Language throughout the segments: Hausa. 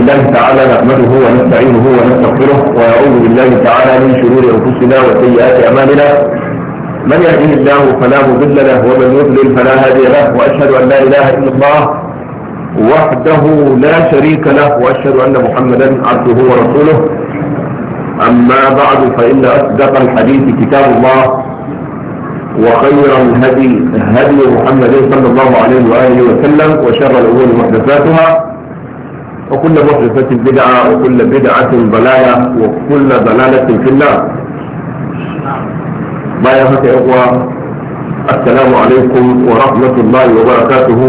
الله تعالى نحمده ونستعينه ونستغفره ونعوذ بالله تعالى من شرور انفسنا وسيئات اعمالنا من يهده الله فلا مضل له ومن يضلل فلا هادي له واشهد ان لا اله الا الله وحده لا شريك له واشهد ان محمدا عبده ورسوله اما بعد فان اصدق الحديث كتاب الله وخير الهدي هدي محمد صلى الله عليه واله وسلم وشر الامور محدثاتها وكل محدثة بدعة وكل بدعة ضلالة وكل ضلالة في النار ما يا أخوة السلام عليكم ورحمة الله وبركاته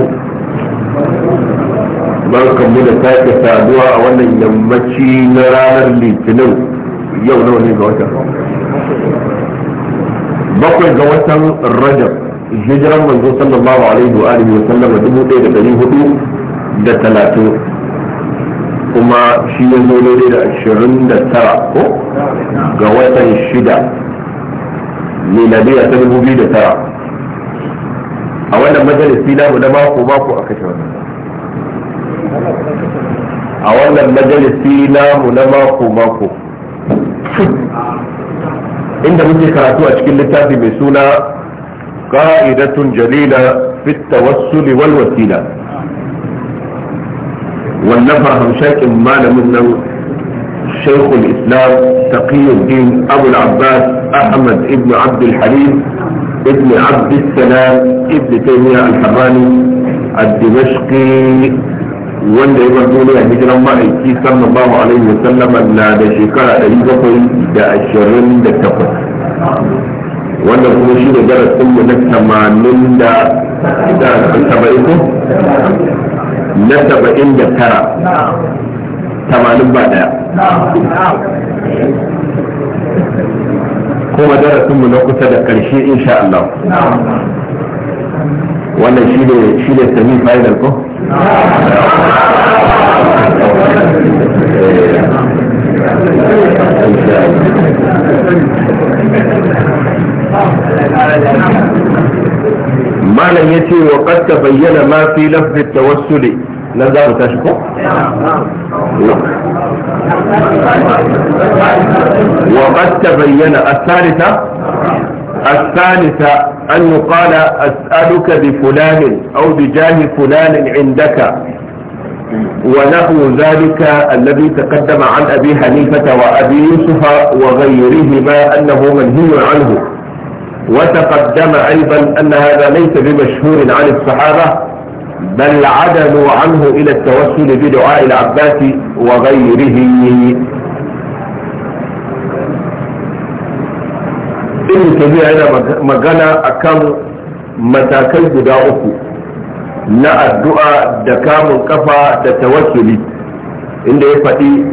بركم من الفاتحة دعاء ولا يمشي نرانا لتنو يوم نوني بوجه بقل جوسا الرجل هجرا من صلى الله عليه وآله وسلم ودبو إلى بني هدو kuma shi ya zo daidai da ashirin da tara ko ga watan shida miladiya ta dubu biyu da tara a wannan majalisi na mu na mako mako a kashe wannan a wannan majalisi na mu na mako mako inda muke karatu a cikin littafi mai suna ka'idatun jalila fit tawassuli wal wasila والنفر هم شاكم ما منه شيخ الإسلام تقي الدين أبو العباس أحمد ابن عبد الحليم ابن عبد السلام ابن تيمية الحراني الدمشقي وانده يقول يعني جنا ما ايكي صلى الله عليه وسلم ان لا شكرا اي بطل دا اشرين دا تقل وانده كمشي دا جرس كل نفس ما من دا سبعيكم na saba'in da tara tamanin ba daya kuma darasinmu na kusa da ƙarshe insha Allah wannan shi ne shi ne sami final ko Thank you. malam ya ce wa qad tabayyana ma fi lafz at-tawassul nan za mu الثالثة أن يقال أسألك بفلان أو بجاه فلان عندك ونحو ذلك الذي تقدم عن أبي حنيفة وأبي يوسف وغيرهما أنه منهي عنه وتقدم ايضا أن هذا ليس بمشهور عن الصحابة بل عدلوا عنه إلى التوسل بدعاء العباس وغيره ابن كبير هنا مغانا أكام متاكي بداؤك لا الدعاء دكام كفى تتوسل إن يفتي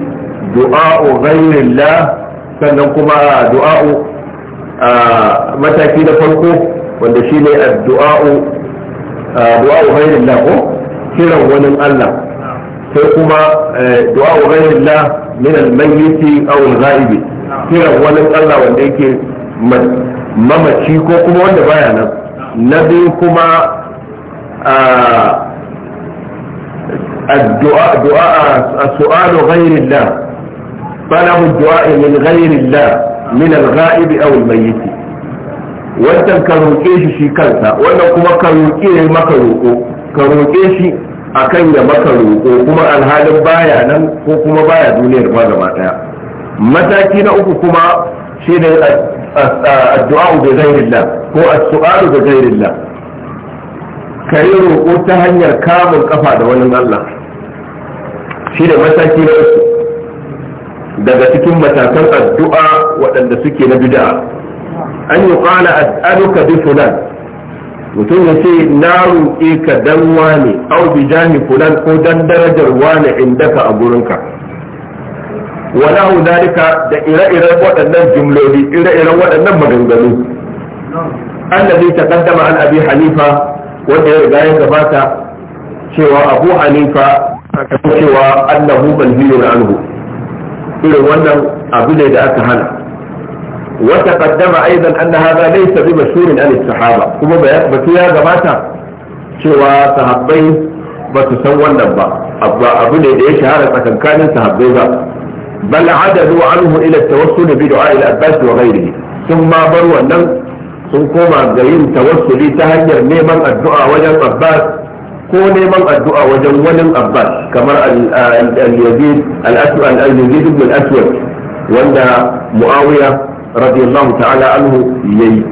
دعاء غير الله فنقم دعاء mataki na farko wanda shi ne addu'a'u du'a'u ghairillah ko kiran wani Allah sai kuma eh, du'a'u la min al-mayyit aw al kiran wani Allah wanda yake mamaci ko kuma wanda baya nan na biyu kuma الدعاء دعاء السؤال غير الله طلب الدعاء min غير la. min al-ghaibi aw al-mayyit wannan ka roƙe shi shi kansa wannan kuma ka roƙe maka roƙo ka roƙe shi akan ya maka roƙo kuma alhalin baya nan ko kuma baya duniyar ma gaba ɗaya. mataki na uku kuma shine addu'a da ghairillah ko as-su'alu da ka yi roƙo ta hanyar kamun kafa da wani Allah shi da mataki na uku daga cikin matakan addu'a waɗanda suke na bid'a an yi qala as'aluka bi fulan mutum ya ce na roƙe ka dan wane au bi jahi fulan ko dan darajar wane indaka a gurinka wala hu dalika da ire-iren waɗannan jumloli ire-iren waɗannan maganganu annabi ta kaddama an abi hanifa wanda ya riga ya gabata cewa abu hanifa cewa annahu na anhu irin wannan abu ne da aka hana وتقدم ايضا ان هذا ليس بمشهور عن الصحابه kuma batu ya gabata cewa sahabbai ba su san wannan ba abu ne da ya shahara tsakankanin sahabbai ba bal adadu anhu ila tawassul bi du'a ila abbas wa ghayrihi sun ma bar wannan sun koma ga yin tawassuli ta hanyar neman addu'a wajen abbas ko neman addu'a wajen wani abbas kamar al-yazid al-aswad al-yazid ibn al-aswad wanda muawiya radiyallahu ta'ala anhu yayi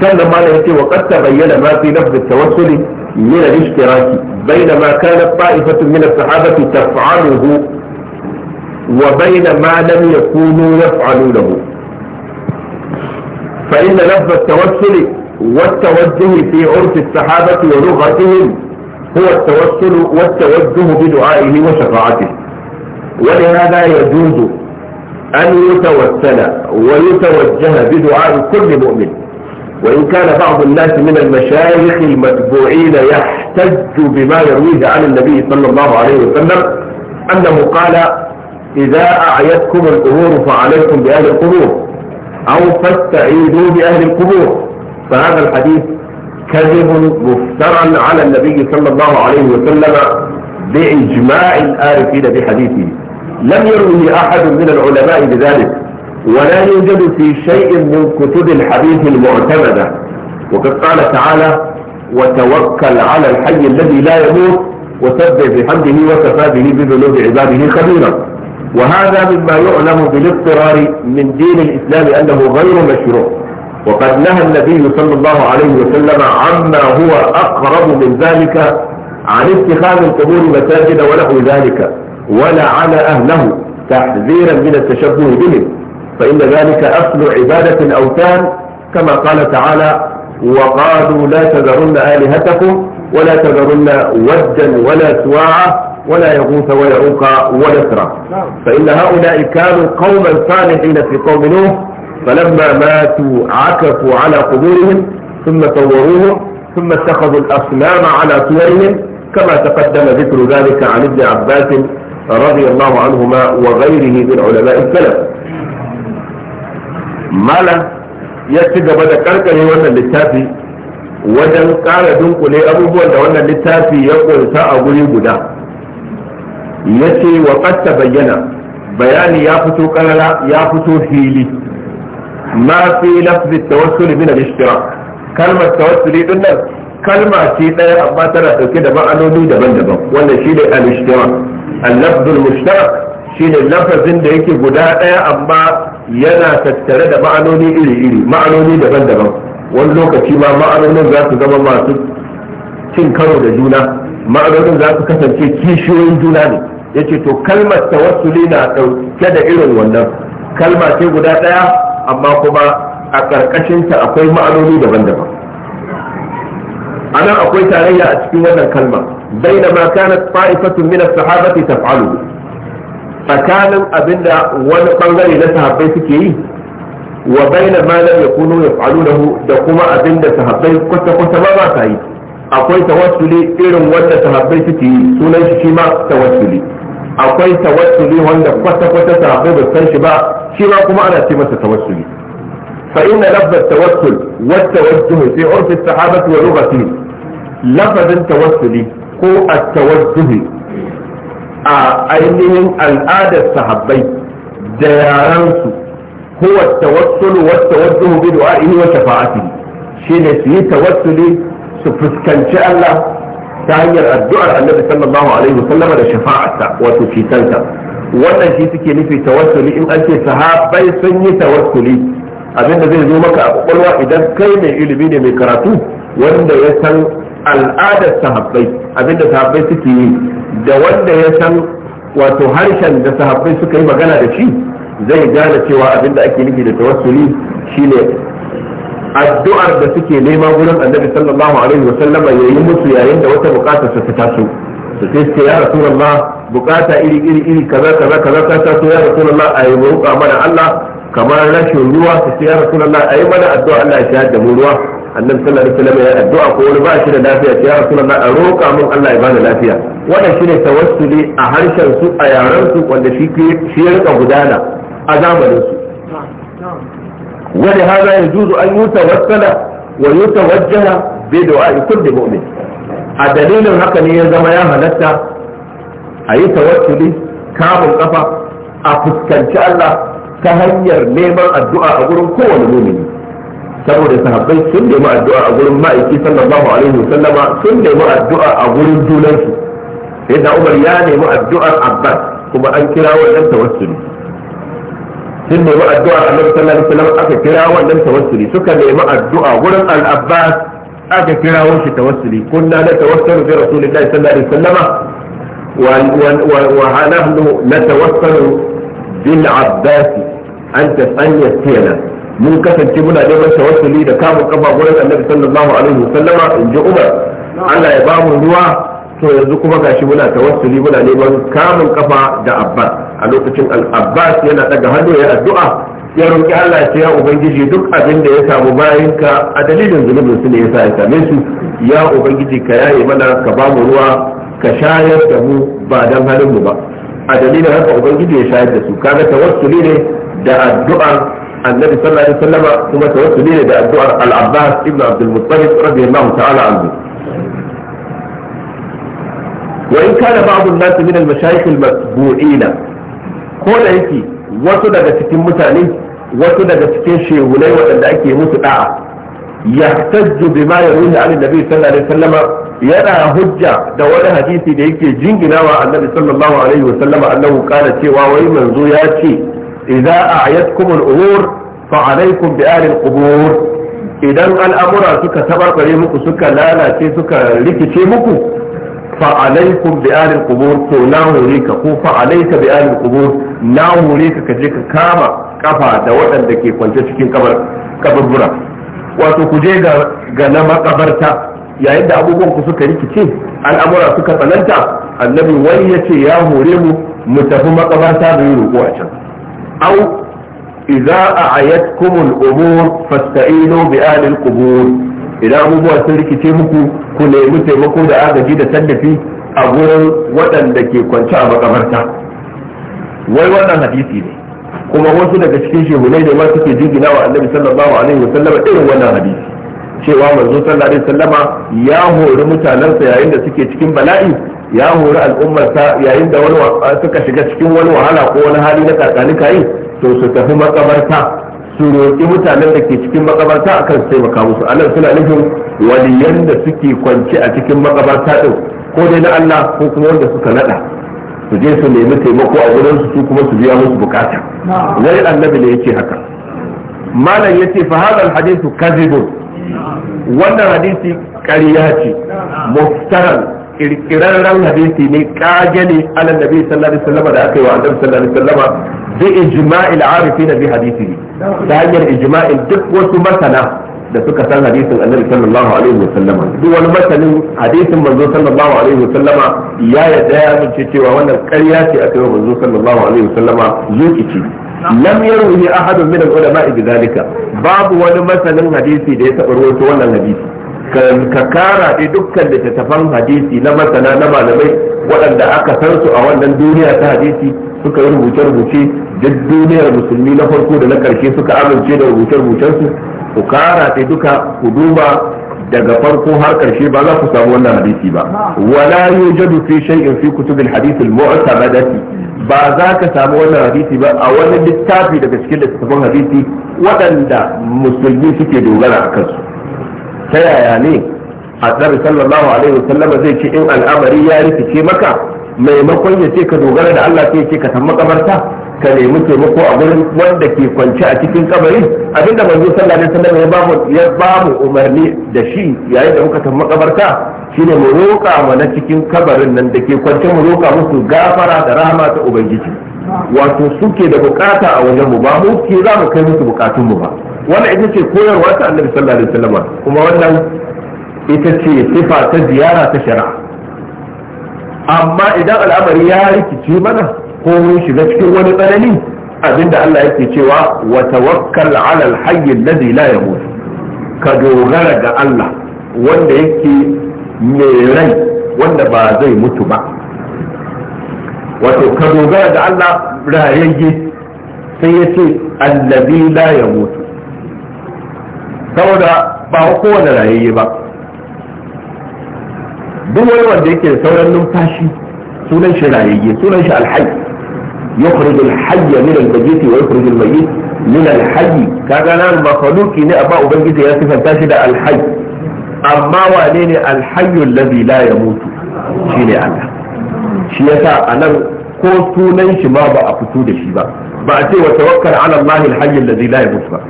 sannan ma yace wa qad tabayyana ma fi lafz at-tawassul min al-ishtirak bainama kanat ta'ifatun min as-sahabati taf'aluhu wa bainama lam yakunu yaf'alunahu فإن لفظ التوسل والتوجه في عرف الصحابة ولغتهم هو التوسل والتوجه بدعائه وشفاعته ولهذا يجوز أن يتوسل ويتوجه بدعاء كل مؤمن وإن كان بعض الناس من المشايخ المتبوعين يحتج بما يرويه عن النبي صلى الله عليه وسلم أنه قال إذا أعيتكم القبور فعليكم بأهل القبور أو فاستعيدوا بأهل القبور فهذا الحديث كذب مفترى على النبي صلى الله عليه وسلم بإجماع الآرفين بحديثه لم يروه أحد من العلماء بذلك ولا يوجد في شيء من كتب الحديث المعتمدة وقد قال تعالى وتوكل على الحي الذي لا يموت وسبح بحمده وكفى به بذنوب عباده خبيرا وهذا مما يعلم بالاضطرار من دين الإسلام أنه غير مشروع وقد نهى النبي صلى الله عليه وسلم عما هو أقرب من ذلك عن اتخاذ القبور مساجد وله ذلك على أهله تحذيرا من التشبه بهم فإن ذلك أصل عبادة الأوثان كما قال تعالى وقالوا لا تذرن آلهتكم ولا تذرن ودا ولا سواعا ولا يغوث ويعوق ونسرا نعم. فإن هؤلاء كانوا قوما صالحين في قوم نوح فلما ماتوا عكفوا على قبورهم ثم صوروهم ثم اتخذوا الأصنام على صورهم كما تقدم ذكر ذلك عن ابن عباس رضي الله عنهما وغيره من علماء السلف مالا يكتب بدأ كركر وانا للتافي وجن قال dunkule abubuwan ابو wannan وانا ya ƙunsa a guri guda وقد تبين بياني يا فتو bayani يا فتو هيلي ma fi lafzi tawassul min al-ishtirak kalmar tawassuli nan kalma daya amma tana dauke da ma'anoni daban-daban wannan shine al-ishtirak al-lafz al-mushtarak lafazin da yake guda daya amma yana tattare da ma'anoni iri-iri ma'anoni daban-daban lokaci ma ma'anonin za su zama masu cin karo da juna ma'anonin za su kasance kishiyoyin juna ne yace to kalmar tawassuli na dauke da irin wannan kalma ce guda daya amma kuma a ƙarƙashinta akwai ma'anoni daban-daban anan akwai tarayya a cikin wannan kalma bainama kanat ta'ifatun min as-sahabati taf'alu tsakanin abinda wani bangare na sahabbai suke yi wa baina ma lam yakunu yaf'alunahu da kuma abinda sahabbai kwata kwata ba ba sa yi akwai tawassuli irin wanda sahabbai suke yi sunan shi ma tawassuli akwai tawassuli wanda kwata kwata sabo ba san shi ba shi ma kuma ana ce masa tawassuli fa inna lafz tawassul wa tawajjuh fi urf as-sahabati wa lughatihim lafazin tawassuli ko at-tawajjuh a ainihin al'adar sahabbai da yaran su huwa at-tawassul wa at-tawajjuh bi du'a'ihi wa shafa'atihi shine su yi tawassuli su fuskanci Allah ta hanyar addu'ar annabi sallallahu alaihi wasallam da shafa'arsa wato citansa wannan shi suke nufi tawassuli in an ce sahabbai sun yi tawassuli da zai zo maka a kwakwalwa idan kai mai ilimi ne mai karatu wanda ya san al'adar sahabbai abinda sahabbai suke yi da wanda ya san wato harshen da sahabbai suka yi magana da shi zai gane cewa abinda ake nufi da tawassuli shine addu'ar da suke nema gurin annabi sallallahu alaihi wa sallama yayi musu yayin da wata bukata su ta taso su ce ce ya rasulullah bukata iri iri iri kaza kaza kaza ta taso ya rasulullah ayi roƙa mana Allah kamar rashin ruwa su ce ya rasulullah ayi mana addu'a Allah ya shayar da mu ruwa annabi sallallahu alaihi wa sallama ya addu'a ko wani ba shi da lafiya ce ya rasulullah a roƙa mun Allah ya bani lafiya wannan shine tawassuli a harshen su a yaran su wanda shi shi ya rika gudana a zamanin su ولهذا يجوز أن يتوسل ويتوجه بدعاء كل mumin. a dalilin haka ne ya zama ya halatta a yi tawassuli kamun kafa a fuskanci Allah ta hanyar neman addu'a a gurin kowane mumini saboda sahabbai sun nemi addu'a a gurin ma'aiki sallallahu alaihi sallama sun nemi addu'a a gurin junansu sai da Umar ya nemi addu'ar Abbas kuma an kira wannan tawassuli sun nemi addu'a annabi sallallahu alaihi wasallam aka kira wannan tawassuli suka nemi addu'a wurin al aka kira shi tawassuli kunna na tawassalu bi rasulillahi sallallahu alaihi wasallama wa na natawassalu bil abbas an tasanniya tiyana mun kasance muna neman tawassuli da kamun kafa gurin annabi sallallahu alaihi wasallama in ji umar Allah ya ba mu ruwa to yanzu kuma gashi muna tawassuli muna neman kamun kafa da abbas a lokacin al yana daga hannu ya addu'a ya roƙi Allah ya ce ya ubangiji duk abin da ya samu bayinka a dalilin zunubin su ne yasa ya same su ya ubangiji ka yaye mana ka ba mu ruwa ka shayar da mu ba dan halin mu ba a dalilin haka ubangiji ya shayar da su kaga tawassuli ne da addu'a annabi sallallahu alaihi wasallama kuma tawassuli ne da addu'ar al-abbas ibn abdul muttalib radiyallahu ta'ala anhu وإن كان بعض الناس من المشايخ المتبوعين ko da yake wasu daga cikin mutane wasu daga cikin shehunai waɗanda ake musu da'a yahtajju bima yaruhi an annabi sallallahu alaihi wasallama yana hujja da wani hadisi da yake jinginawa annabi sallallahu alaihi wasallama annahu kana cewa wai manzo ya ce idza a'yatkum al-umur fa alaykum bi ahli al-qubur idan al'amura suka tabarbare muku suka lalace suka rikice muku ko na القبور ka ko هوريك كو فعليك kubur na لا kaje ka kama kafa da waɗanda ke kwance cikin kaburbura wato ku je ga na makabarta yayin da abubuwan ku suka rikice al'amura suka tsananta annabi wani ce ya hore mu mu tafi makabarta da yi roƙo a can au a a'ayatkum al-umur fasta'inu bi ahli idan abubuwa sun rikice muku ku nemi taimako da agaji da tallafi a gurin waɗanda ke kwance a makabarta wai wannan hadisi ne kuma wasu daga cikin shehunai da ma suke jingina wa annabi sallallahu alaihi wa sallama irin wannan hadisi cewa manzo sallallahu alaihi sallama ya hori mutanensa yayin da suke cikin bala'i ya hori al'ummarsa yayin da wani suka shiga cikin wani wahala ko wani hali na kakani to su tafi makabarta su roƙi mutanen da ke cikin makabarta akan su taimaka musu anan suna nufin waliyan da suke kwance a cikin makabarta din ko dai na Allah ko kuma wanda suka nada su je su nemi taimako a wurin su kuma su biya musu bukata wani annabi ne yake haka malam yace fa hadal hadithu kadhibun wannan hadisi ƙarya ce muftaran kirkirarren hadisi ne kage ne nabi sallallahu alaihi wasallam da aka yi wa annabi sallallahu alaihi wasallam bi ijma'il arifin bi hadisi ta hanyar ijma'in duk wasu masana da suka san hadisin annabi sallallahu alaihi wa sallama duk wani masanin hadisin manzo sallallahu alaihi wa sallama ya yarda ya amince cewa wannan ƙarya ce a yi manzo sallallahu alaihi wa sallama zuki ce lam yarwi ahadun min al ulamai bidhalika babu wani masanin hadisi da ya taɓa rawaito wannan hadisi ka kara dai dukkan littattafan hadisi na masana na malamai waɗanda aka san su a wannan duniya ta hadisi suka yi rubuce-rubuce duk duniyar musulmi na farko da na karshe suka amince da rubuce-rubucensu ku kara sai duka ku duba daga farko har karshe ba za ku samu wannan hadisi ba wala yujadu fi shay'in fi kutubil hadith al mu'tamadati ba za ka samu wannan hadisi ba a wani littafi daga cikin littafin hadisi waɗanda musulmi suke dogara a kansu ta yaya ne annabi sallallahu alaihi wasallam zai ce in al'amari ya rikice maka maimakon ya ce ka dogara da Allah sai ce ka san makabarta ka nemi taimako a gurin wanda ke kwance a cikin kabari abinda manzo sallallahu alaihi wasallam ya babu ya bamu umarni da shi yayin da muka san makabarta shine mu roƙa na cikin kabarin nan da ke kwance mu roƙa musu gafara da rahama ta ubangiji wato suke da bukata a wajen mu ba mu ke za mu kai musu bukatun mu ba wannan ita ce koyarwa ta annabi sallallahu alaihi wasallam kuma wannan ita ce sifa ta ziyara ta shari'a amma idan al'amari ya rikici mana ko mun shiga cikin wani tsanani abinda Allah yake cewa wa tawakkal 'ala al-hayy alladhi la yamut ka dogara ga Allah wanda yake mai rai wanda ba zai mutu ba wato ka dogara ga Allah rayayye sai ya ce alladhi la yamut saboda ba kowane rayayye ba duk wani wanda yake da sauran numfashi sunan shi rayayye sunan shi alhayy yukhrij alhayy min almayyit wa yukhrij almayyit min alhayy kaga nan makhluki ne amma ubangiji ya sifanta shi da alhayy amma wane ne alhayy alladhi la yamutu shine Allah shi yasa anan ko sunan shi ma ba a fito da shi ba ba a ce wa tawakkal ala Allah alhayy alladhi la yamutu ba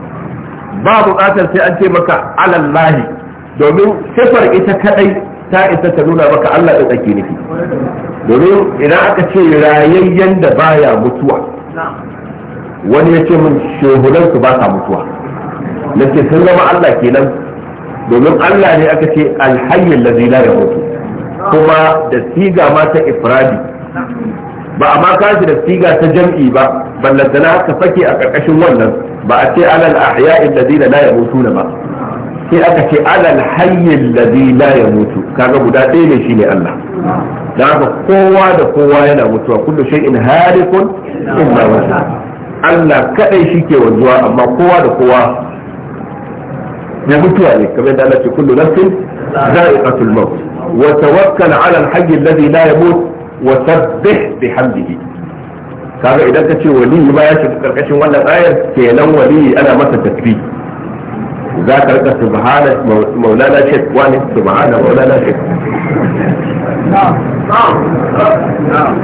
ba buƙatar sai an ce maka ala Allah domin sifar ita kadai ta isa ta nuna maka Allah da tsake nufi domin idan aka ce rayayyen da baya mutuwa wani ya ce min shehunan su ba sa mutuwa na ce sun zama Allah kenan domin Allah ne aka ce alhayyin lazi la ya mutu kuma da siga ma ta ifradi ba a ma kashi da siga ta jam'i ba ballantana ka fake a ƙarƙashin wannan ba a ce alal ahya'in lazi la ya mutu ba sai aka ce alal hayyin ladhi la yamutu kaga guda ɗaya ne shi ne Allah da haka kowa da kowa yana mutuwa kullu in halikun illa wasa Allah kadai shike wanzuwa amma kowa da kowa ya mutuwa ne kamar da Allah ce kullu nafsin za'iqatul maut wa tawakkal ala al-hayy alladhi la yamut wa sabbih bihamdihi kaga idan ka ce wali ma ya shiga karkashin wannan ayar kenan wali ana masa tasbih za ka rika subhana maulana shek wani subhana maulana shek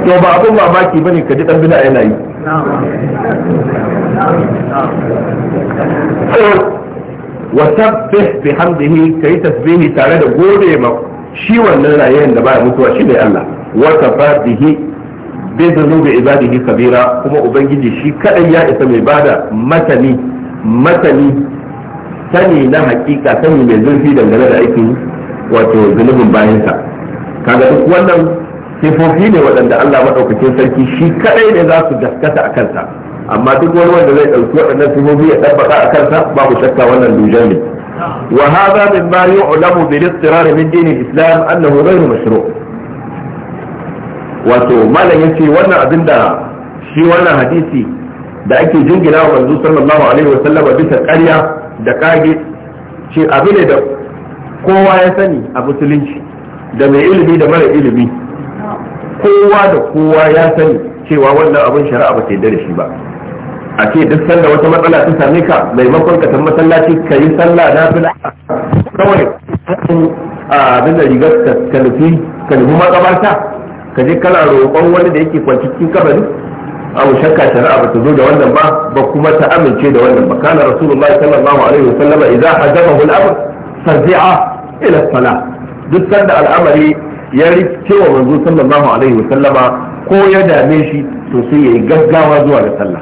to ba abun mamaki ba ne ka ji ɗan bida yana yi wasabbih bihamdihi yi tasbihi tare da gode ma shi wannan rayayen da ba ya mutuwa shi ne Allah wa kafabihi bi dhunubi ibadihi kabira kuma ubangiji shi kadai ya isa mai bada matani matani sani na hakika sani mai zurfi dangane da aikin wato zunubin bayansa kaga duk wannan sifofi ne waɗanda Allah maɗaukakin sarki shi kadai ne za su gaskata a kansa amma duk wani wanda zai ɗauki waɗannan sifofi ya ɗabbaka a kansa babu shakka wannan lujan ne wa hadha mimma yu'lamu bil istirar min din al-islam annahu ghayru mashru' wato malam yace wannan abin da shi wannan hadisi da ake jingina wa manzo sallallahu alaihi wa sallama bisa ƙarya da kage ce abu ne da kowa ya sani a musulunci da mai ilimi da mara ilimi kowa da kowa ya sani cewa wannan abin shari'a ba ta yarda shi ba a ce duk sanda wata matsala ta same ka maimakon ka san masallaci ka yi sallah na fila kawai abin da rigar ka nufi ka nufi matsabarta ka je kana roƙon wani da yake kwanci cikin kabari abu shakka shari'a ba ta zo da wannan ba ba kuma ta amince da wannan ba kana rasulullahi sallallahu alaihi wa sallama idza hadafahu al-amr farzi'a ila salah duk sanda al'amari ya rike wa manzo sallallahu alaihi wa sallama ko ya dame shi to sai yayi gaggawa zuwa ga sallah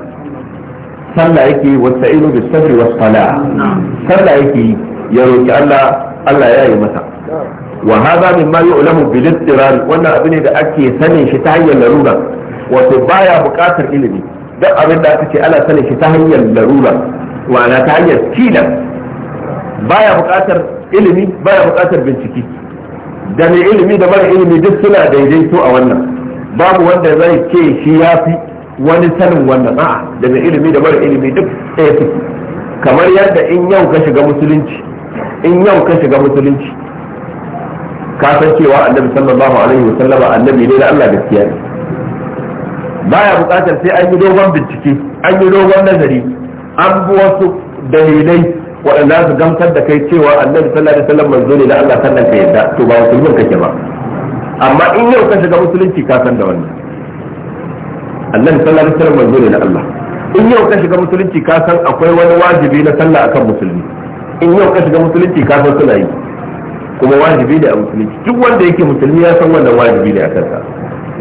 sallah yake wa sa'ilu bis sabri was salah sallah yake ya roki Allah Allah ya yi masa wa hadha mimma yu'lamu bil ittirar wannan abin da ake sanin shi ta hanyar larura wato baya buƙatar ilimi Don abin da aka ce ana sanin shi ta hanyar larura ma'ana ta hanyar tilan baya buƙatar ilimi baya buƙatar bincike da mai ilimi da mara ilimi duk suna daidaito a wannan babu wanda zai ce shi ya fi wani sanin wannan a'a da mai ilimi da mara ilimi duk ɗaya su kamar yadda in yau ka shiga musulunci in yau ka shiga musulunci ka san cewa annabi sallallahu alaihi wa sallama annabi ne da Allah gaskiya ne baya buƙatar sai an yi dogon bincike an yi dogon nazari an bi wasu dalilai waɗanda su gamsar da kai cewa annabi sallallahu alaihi wasallam manzo ne na Allah sannan ka yadda to ba musulmin kake ba amma in yau ka shiga musulunci ka san da wannan annabi sallallahu alaihi wasallam manzo ne na Allah in yau ka shiga musulunci ka san akwai wani wajibi na sallah akan musulmi in yau ka shiga musulunci ka san suna yi kuma wajibi ne a musulunci duk wanda yake musulmi ya san wannan wajibi ne a kansa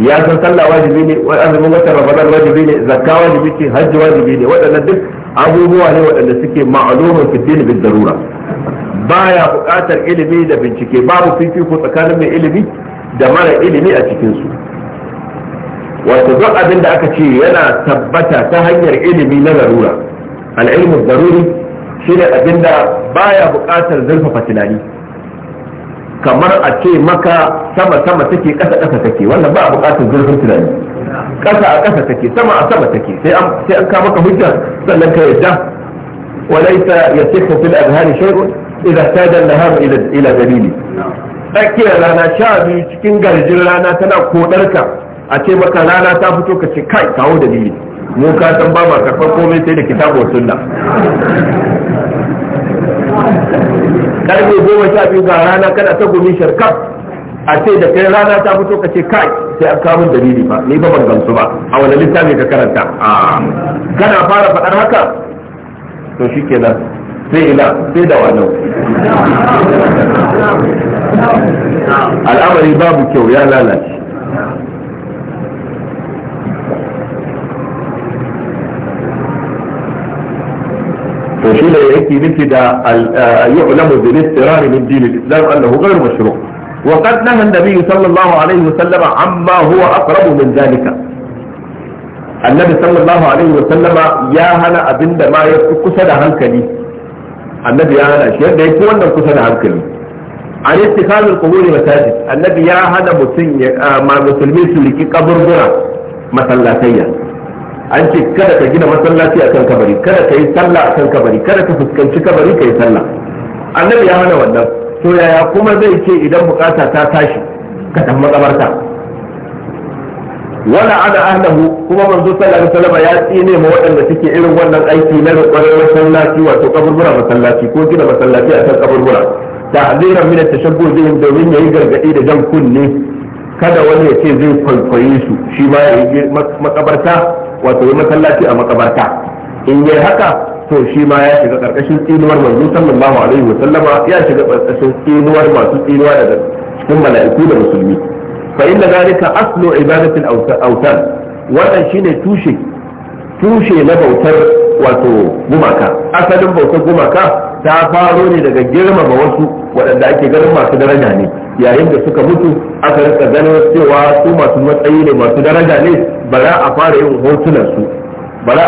ya san sallah wajibi ne azumin watan ramadan wajibi ne zakka wajibi ce hajji wajibi ne waɗannan duk abubuwa ne waɗanda suke ma'alumin fiddini bin darura baya buƙatar ilimi da bincike babu fifiko tsakanin mai ilimi da mara ilimi a cikin su wato duk abin da aka ce yana tabbata ta hanyar ilimi na larura al-ilmu daruri shine abin da baya buƙatar zurfafa tunani kamar a ce maka sama sama take ƙasa ƙasa take wannan ba a buƙatar zurfin tunani ƙasa a ƙasa take sama a sama take sai an sai an ka maka hujja sannan ka yadda walaita yasihu fil adhani shay'un idza tada an-nahar ila ila dalili tsakiyar rana sha biyu cikin garjin rana tana kodarka a ce maka rana ta fito ka ce kai kawo dalili mu ka san ba ma karɓar komai sai da kitabu sunna karfe goma sha biyu ga rana kana ta gumi sharkaf a ce da kai rana ta fito ka ce kai sai an kawo dalili ba ni ba ban gamsu ba a wani littafi ka karanta kana fara faɗar haka to shi shikenan sai ila sai da wannan al'amari babu kyau ya lalace وشيء يأتي منك دا يعلم بالاضطرار من دين الإسلام أنه غير مشروع وقد نهى النبي صلى الله عليه وسلم عما هو أقرب من ذلك النبي صلى الله عليه وسلم يا هنا أبن ما يكسد هنكلي النبي يا هنا أشياء ده يكون كسد هنكلي عن اتخاذ القبور مساجد النبي يا هنا مسلمين سلكي قبر برا سيئا an ce kada ka gina masallaci a kan kabari kada ka yi sallah a kan kabari kada ka fuskanci kabari ka yi sallah annabi ya hana wannan to yaya kuma zai ce idan bukata ta tashi ka dan makabarta wala ana ahlahu kuma manzo sallallahu alaihi wasallam ya tsine ma waɗanda suke irin wannan aiki na rubar masallaci wato kaburbura masallaci ko gina masallaci a kan kaburbura ta'ziran min at-tashabbuh bihim domin yayi gargadi da jan kunne kada wani ya ce zai kwaikwaye su shi ma ya yi makabarta wato yi masallaci a makabarta in yi haka to shi ma ya shiga karkashin tsinuwar manzo sallallahu alaihi wa sallama ya shiga karkashin tsinuwar masu tsinuwa daga cikin mala'iku da musulmi fa inna zalika aslu ibadatil awtan wannan shine tushe tushe na bautar wato gumaka asalin bautar gumaka ta faro ne daga girmama wasu waɗanda ake ganin masu daraja ne yayin da suka mutu aka rika ganin cewa su masu matsayi ne masu daraja ne ba za a fara yin hotunan su ba za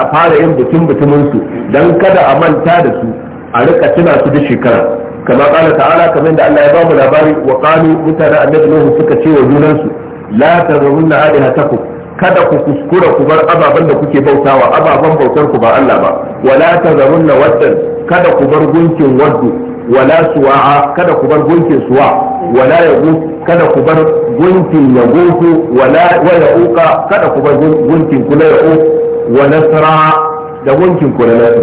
a fara yin bikin butumin su dan kada a manta da su a rika tuna su da shekara kama kala ta'ala kamar da Allah ya ba mu labari wa qalu mutana annabi nuhu suka ce wa junan su la tazurunna takum kada ku kuskura ku bar ababen da kuke bautawa ababen bautar ku ba Allah ba wala tazurunna waddan kada ku bar gunkin waddu wala suwa'a kada ku bar gunkin suwa wala ya kada ku bar gunkin yagutu wala ya uqa kada ku bar gunkin kula yau wa nasara da gunkin kula nasu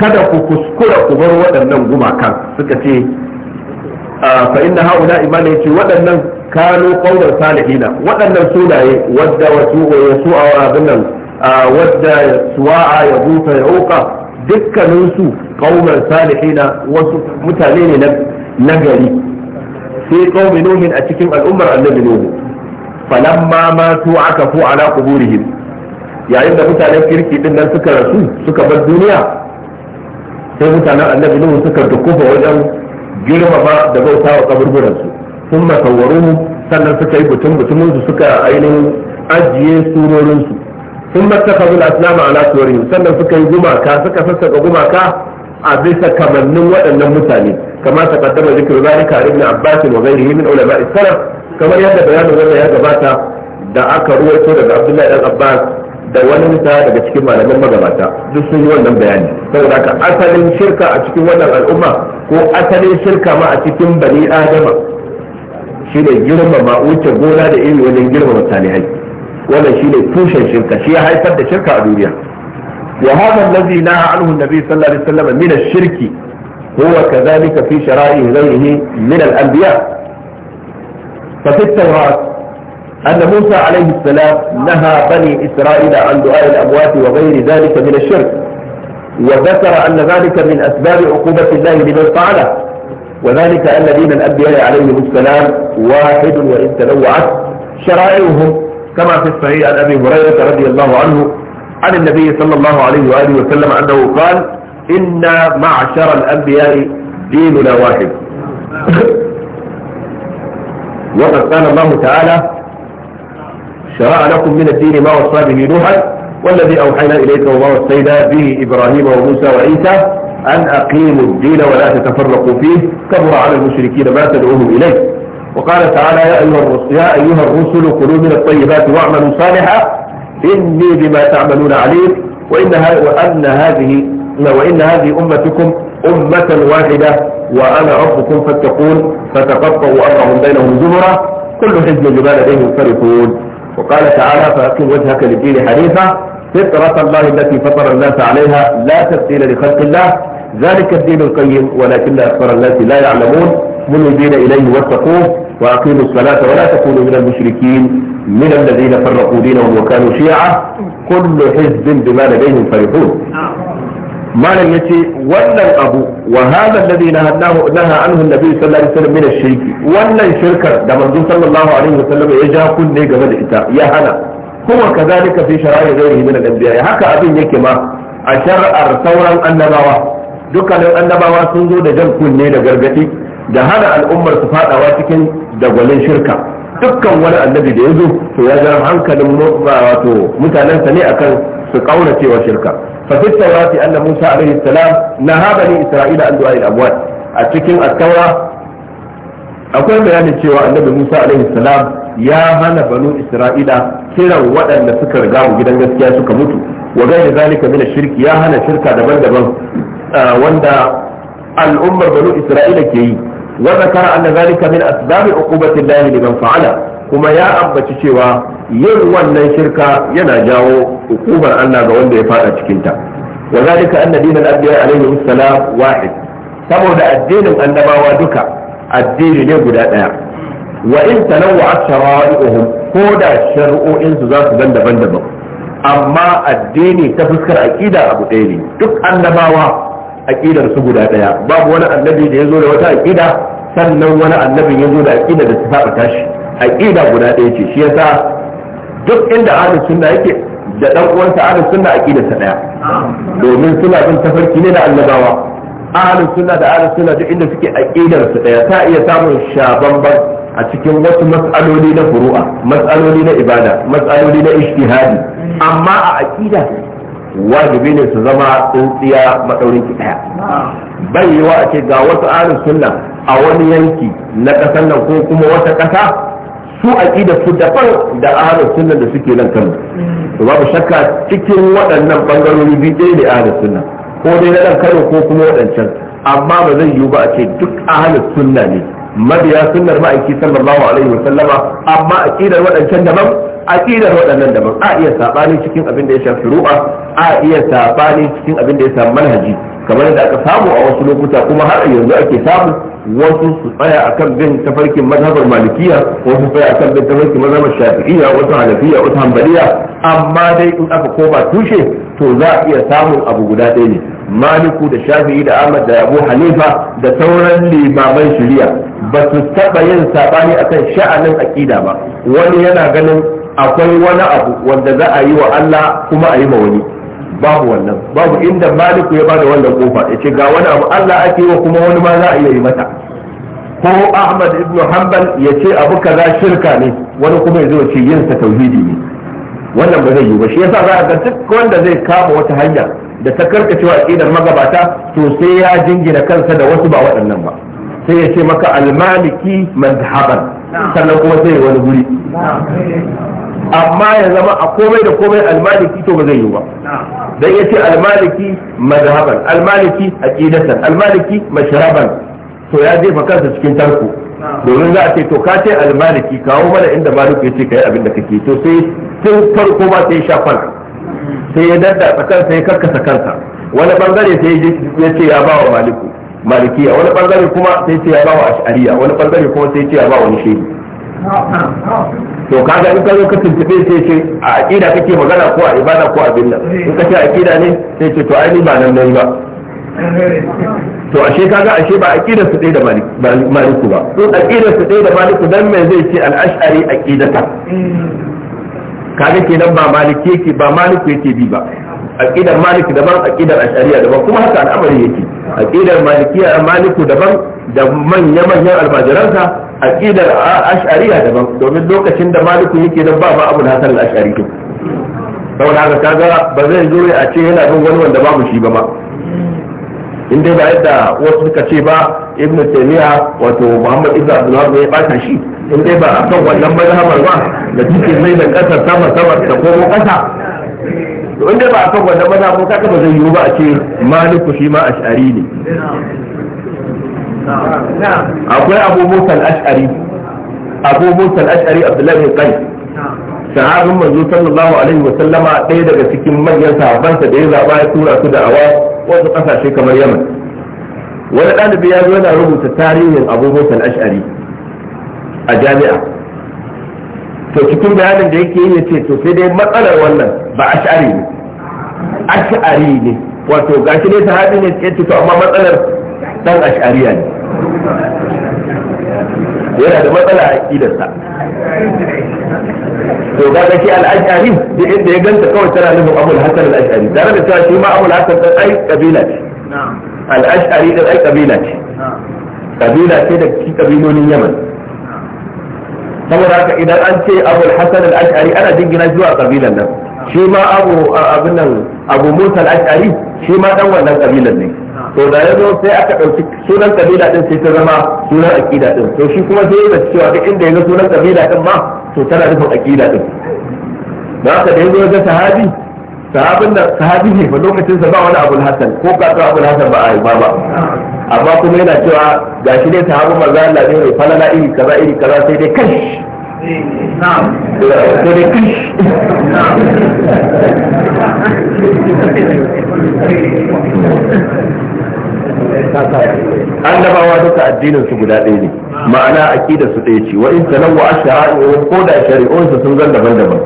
kada ku kuskura ku bar waɗannan gumakan suka ce fa inna haula imani ce waɗannan kanu qawlan salihina waɗannan sunaye wadda wasu wa yasu'a a abin nan wadda suwa'a ya ya yauqa dukkaninsu kauman salihina wasu mutane ne na gari sai kaumi nuhin a cikin al'ummar annabi nuhu falamma su aka fu ala kuburihim yayin da mutanen kirki din nan suka rasu suka bar duniya sai mutanen annabi nuhu suka dukufa wajen girmama da bauta wa kaburburansu sun masauwaru sannan suka yi butun butumin su suka ainihin ajiye surorinsu sun mattafa zuwa asnama ma'ana suwarihim sannan suka yi gumaka suka sassaka gumaka a bisa kamannin waɗannan mutane kamar ta kaddama zikiru zalika a ibn abbas wa min ulama salaf kamar yadda bayanin wanda ya gabata da aka ruwaito daga abdullahi dan abbas da wani mutane daga cikin malaman magabata duk sun yi wannan bayani saboda haka asalin shirka a cikin wannan al'umma ko asalin shirka ma a cikin bani adama shine girmama wuce gona da iri wajen girmama salihai wannan shine tushen shirka shi ya haifar da shirka a duniya wa hadha alladhi naha anhu an-nabi sallallahu alaihi wasallam min ash هو كذلك في شرائع غيره من الأنبياء ففي التوراة أن موسى عليه السلام نهى بني إسرائيل عن دعاء الأموات وغير ذلك من الشرك وذكر أن ذلك من أسباب عقوبة الله لمن فعله وذلك أن دين الأنبياء عليهم السلام واحد وإن تنوعت شرائعهم كما في الصحيح عن أبي هريرة رضي الله عنه عن النبي صلى الله عليه وآله وسلم أنه قال إن معشر الأنبياء ديننا واحد وقد قال الله تعالى شرع لكم من الدين ما وصى به نوحا والذي أوحينا إليك وما وصينا به إبراهيم وموسى وعيسى أن أقيموا الدين ولا تتفرقوا فيه كبر على المشركين ما تدعوهم إليه وقال تعالى يا أيها, يا أيها الرسل كلوا من الطيبات واعملوا صالحا إني بما تعملون عليم وإن, وأن هذه وإن هذه أمتكم أمة واحدة وأنا ربكم فاتقون فتقطعوا أمرهم بينهم زمرا كل حزب بما لديهم فرحون وقال تعالى فأقم وجهك للدين حنيفا فطرة الله التي فطر الناس عليها لا تبديل لخلق الله ذلك الدين القيم ولكن أكثر الناس لا يعلمون منيبين إليه واتقوه وأقيموا الصلاة ولا تكونوا من المشركين من الذين فرقوا دينهم وكانوا شيعا كل حزب بما لديهم فرحون malam ya ce wannan abu wa hada alladhi nahanahu naha anhu annabi sallallahu alaihi wasallam min ash-shirki wannan shirkar da manzo sallallahu alaihi wasallam ya ja kunne game da ita ya hana kuma kazalika fi shara'i ghairihi min al-anbiya haka abin yake ma a shar'ar sauran annabawa dukkanin annabawa sun zo da jan kunne da gargadi da hana al'ummar su fadawa cikin dagwalin shirka dukkan wani annabi da ya zo to ya jar hankalin wato mutanensa ne akan su kaurace wa shirka fa fi anna Musa alaihi salam naha Isra'ila an du'a al a cikin at-taura akwai bayanin cewa annabi Musa alaihi salam ya hana banu Isra'ila kiran waɗanda suka riga mu gidan gaskiya suka mutu wa gaira zalika min shirki ya hana shirka daban-daban wanda al'ummar banu isra'ila ke yi wa zakara anna zalika min asbabi uqubati llahi liman fa'ala kuma ya ambaci cewa yin wannan shirka yana jawo hukumar Allah ga wanda ya fada cikin ta wa zalika anna dinal anbiya alaihi wassalam wahid saboda addinin annabawa duka addini ne guda daya wa in tanawwa'at shara'i'uhum ko da shari'o'in su za su zan daban-daban amma addini ta fuskar aqida abu ɗaya ne duk annabawa aqidar su guda daya babu wani annabi da ya da wata aqida sannan wani da aqida da ta aqida guda daya ce shi yasa duk inda sunna yake da dan uwansa sunna ta daya domin suna bin tafarki ne da annabawa ahlus sunna da sunna duk inda suke aqidar su daya ta iya samun shabamban a cikin wasu mas'aloli na furu'a matsaloli na ibada matsaloli na ijtihadi amma a aqida wajibi ne su zama tsintsiya maɗaurin ki ɗaya bai wa a ce ga wasu arin sunna a wani yanki na ƙasar nan ko kuma wata ƙasa su a da su daban da ahlus sunna da suke nan kan su babu shakka cikin waɗannan ɓangarori biyu ɗaya ne ahlus sunna ko dai na nan Kano ko kuma waɗancan amma ba zai yiwu ba a ce duk ahlus sunna ne mabiya sunnar ma'aiki sallallahu alaihi wa sallama amma aqidar waɗancan daban aqidar waɗannan daban a iya sabani cikin abin da ya shafi ru'a a iya sabani cikin abin da ya samu manhaji kamar da aka samu a wasu lokuta kuma har yanzu ake samu wasu su tsaya akan bin tafarkin mazhabar malikiya wasu tsaya akan bin tafarkin mazhabar shafi'iyya wasu hanafiya wasu hanbaliya amma dai in aka koma tushe to za a iya samun abu guda ɗaya ne maliku da shafi'i da ahmad da abu halifa da sauran limaman shari'a ba su taɓa yin saɓani akan sha'anin aƙida ba wani yana ganin akwai wani abu wanda za a yi wa allah kuma a yi ma wani babu wannan babu inda maliku ya bada wannan kofa ya ce ga wani abu Allah ake wa kuma wani ma za a iya yi mata ko Ahmad ibn Hanbal ya ce abu kaza shirka ne wani kuma ya zo ce yin sa tauhidi ne wannan ba zai yi ba shi yasa za a ga duk wanda zai kama wata hanya da ta karkacewa aqidar magabata to sai ya jingina kansa da wasu ba waɗannan ba sai ya ce maka al-maliki madhhaban sannan kuma sai wani guri amma ya zama a komai da komai almaliki to ba zai yi ba dan yace almaliki madhaban almaliki aqidatan almaliki mashraban to ya jefa kansa cikin tarko domin za a ce to ka ce almaliki kawo mana inda maliki yace kai abin da kake to sai tun farko ba sai shafan sai ya dadda kansa ya karkasa kansa wani bangare sai ya ce ya ba wa maliku malikiya wani bangare kuma sai ce ya ba wa ash'ariya wani bangare kuma sai ce ya ba wa shehi to kaga in ka zo ka tuntube sai ce a aqida kake magana ko a ibada ko a billa in ka ce aqida ne sai ce to ai ni ba nan nayi ba to ashe kaga ashe ba aqida su dai da maliku ba to aqida su dai da maliku dan me zai ce al-ash'ari aqidata kaga kenan ba maliki yake ba maliku yake bi ba aqidar maliki daban aqidar ash'ariya daban kuma haka al'amari yake aqidar malikiya maliku daban da manya-manyan almajiransa aqidar ash'ariya daban domin lokacin da maliku yake da ba ma abu hasan al-ash'ari to saboda haka kaga ba zai zo a ce yana bin wani wanda babu shi ba ma in dai ba yadda wasu suka ce ba ibn taymiya wato muhammad ibn wahab ya bata shi in dai ba akan wannan mazhabar ba da cikin mai da kasar sama sama da komo kasa to in dai ba akan wannan mazhabar ka ba zai yiwu ba a ce maliku shi ma ash'ari ne akwai abu musa al-ash'ari abu musa al-ash'ari abdullahi bin qais sahabin manzo sallallahu alaihi wa sallama ɗaya daga cikin manyan sahabbansa da ya zaba ya tura su da awa wasu kasashe kamar yaman wani ɗalibi ya zo yana rubuta tarihin abu musa al-ash'ari a jami'a to cikin bayanin da yake yi ya ce to sai dai matsalar wannan ba ash'ari ne ash'ari ne wato gashi ne sahabi ne ya ce to amma matsalar dan ash'ariya ne yana da matsala a kidarsa to ga ga shi al-ash'ari inda ya ganta kawai tana nufin abul hasan al-ash'ari tare da cewa shi ma abul hasan dan ai kabila ce al-ash'ari dan ai kabila ce kabila ce da ki kabilolin yaman saboda haka idan an ce abul hasan al-ash'ari ana jingina zuwa kabilan nan shi ma abu abin nan abu musa al-ash'ari shi ma dan wannan kabilan ne to da ya sai aka ɗauki sunan kabila ɗin sai ta zama sunan aƙida ɗin to shi kuma sai ya cewa duk inda ya ga sunan kabila ɗin ma to tana nufin aƙida ɗin da haka da zo ga sahabi sahabin da sahabi ne ba lokacin sa ba wani abul hasan ko ka ka abul hasan ba a yi ba amma kuma yana cewa gashi ne sahabin manzo Allah ne falala iri kaza iri kaza sai dai kai. An da annabawa duka addinin su guda ɗaya ne ma'ana aqida su ɗaya ce wa in tanawwa ashra'i ko da shari'un su sun zan daban-daban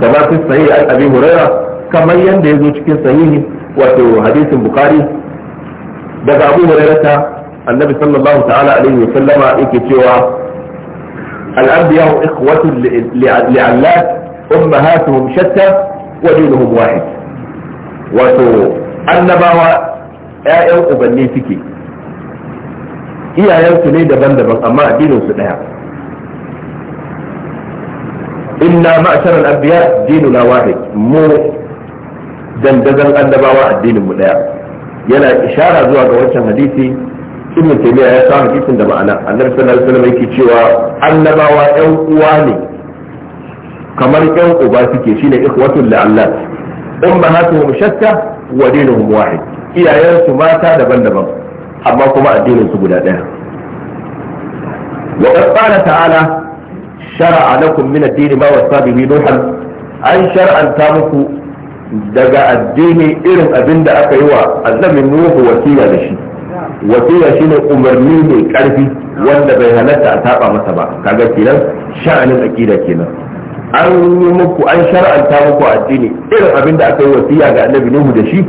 kamar fi sahih al abi huraira kamar yanda yazo cikin sahihi wato hadisin bukhari daga abu hurairata annabi sallallahu ta'ala alaihi wa sallama yake cewa الأنبياء إخوة لعلات أمهاتهم شتى ودينهم واحد وتو أنما وآئر أبني فيكي هي آيات ليدة بند أما دين سنها إنا معشر الأنبياء ديننا واحد مو دندزل أنبياء الدين المنع يلا إشارة زوال وجه حديثي ibn taymiya ya sa hadisin da ma'ana annabi sallallahu alaihi wasallam yake cewa annabawa ƴan uwa ne kamar ƴan uba suke shine ikhwatul la'allat ummahatuhum shatta wa dinuhum wahid iyayensu mata daban-daban amma kuma addinin su guda ɗaya wa qala ta'ala shar'a lakum min ad-din ma wasa bihi an shar'anta muku daga addini irin abin da aka yi wa annabin nuhu wasiya da shi wasiya shine umarni mai karfi wanda bai halatta a saba masa ba kaga kenan sha'anin aqida kenan an yi muku an shar'anta muku addini irin abin da aka yi wasiya ga annabi nuhu da shi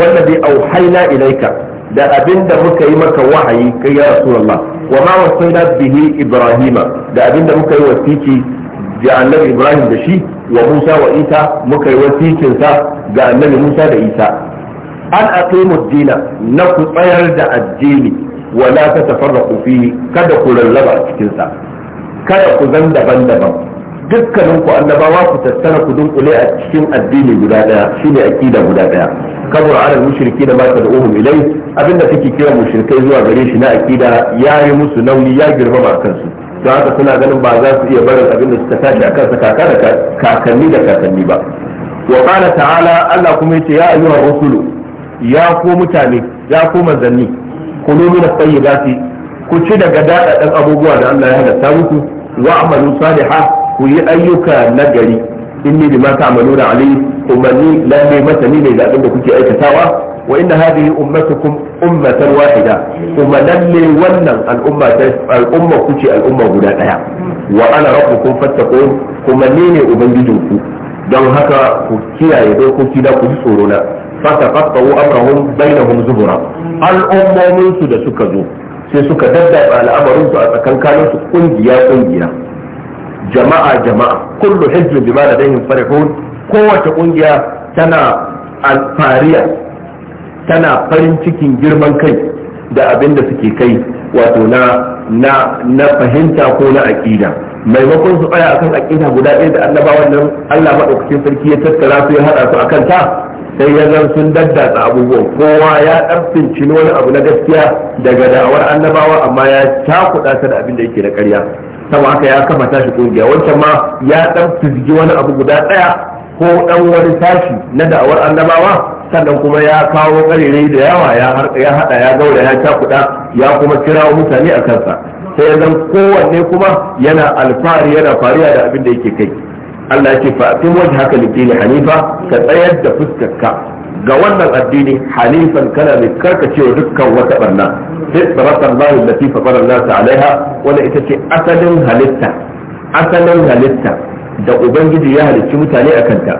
wanda bai auhaina ilaika da abin da muka yi maka wahayi kai ya rasulullah wa ma wasaina bihi ibrahima da abin da muka yi wasiki ga annabi ibrahim da shi wa musa wa isa muka yi wasikin sa ga annabi musa da isa an aqimu dina na ku tsayar da addini wala ta tafarraqu fihi kada ku rarraba a cikin sa kada ku zan daban-daban dukkanin ku annabawa ku tattara ku dunkule a cikin addini guda daya shine aqida guda daya kabur ala mushriki da ma tad'uhum ilai abinda kake kira mushrikai zuwa gare shi na aqida yayi musu nauyi ya girmama a kansu don haka suna ganin ba za su iya barin abinda suka tashi a kansa kaka da kakanni da kakanni ba wa qala ta'ala Allah kuma ce ya ayyuhar rusulu ya ko mutane ya ko manzanni ku nomi na tsayi ku ci daga daɗaɗɗen abubuwa da Allah ya halatta muku wa amalu saliha ku yi ayyuka na gari inni bima ta'maluna alayhi ni lalle masani ne da abin da kuke aikatawa wa inna hadhihi ummatukum ummatan wahida kuma lalle wannan al'umma al'umma kuce al'umma guda daya wa ana rabbukum fattaqun kuma ni ne ubangijinku don haka ku kiyaye dokoki da ku tsoro na fataqatu amrahum bainahum zubura al'ummomin su da suka zo sai suka daddaba al'amarin su a tsakankanin su kungiya kungiya jama'a jama'a kullu hizbin bima ladayhim farihun kowace kungiya tana alfariya tana farin cikin girman kai da abin da suke kai wato na na na fahimta ko na aqida maimakon su tsaya akan aqida guda ɗaya da annabawan nan Allah madaukakin sarki ya tattara su ya hada su akan ta sai ya zan sun daddatsa abubuwan kowa ya ɗarfinci wani abu na gaskiya daga da'awar annabawa amma ya cakuɗa ta da abin da yake da ƙarya saboda haka ya kama tashi ƙungiya wancan ma ya ɗan fizgi wani abu guda ɗaya ko ɗan wani tashi na da'awar annabawa sannan kuma ya kawo ƙarirai da yawa ya haɗa ya gaura ya cakuɗa ya kuma kirawo mutane a kansa sai ya zan kowanne kuma yana alfahari yana fariya da abin da yake kai Allah ya ce fa tun waje haka litini hanifa ka tsayar da fuskarka ga wannan addini hanifan kana mai karkacewa dukkan wata barna sai tsaratan bayan da barar nasa alaiha wanda ita ce asalin halitta asalin halitta da ubangiji ya halicci mutane a kanta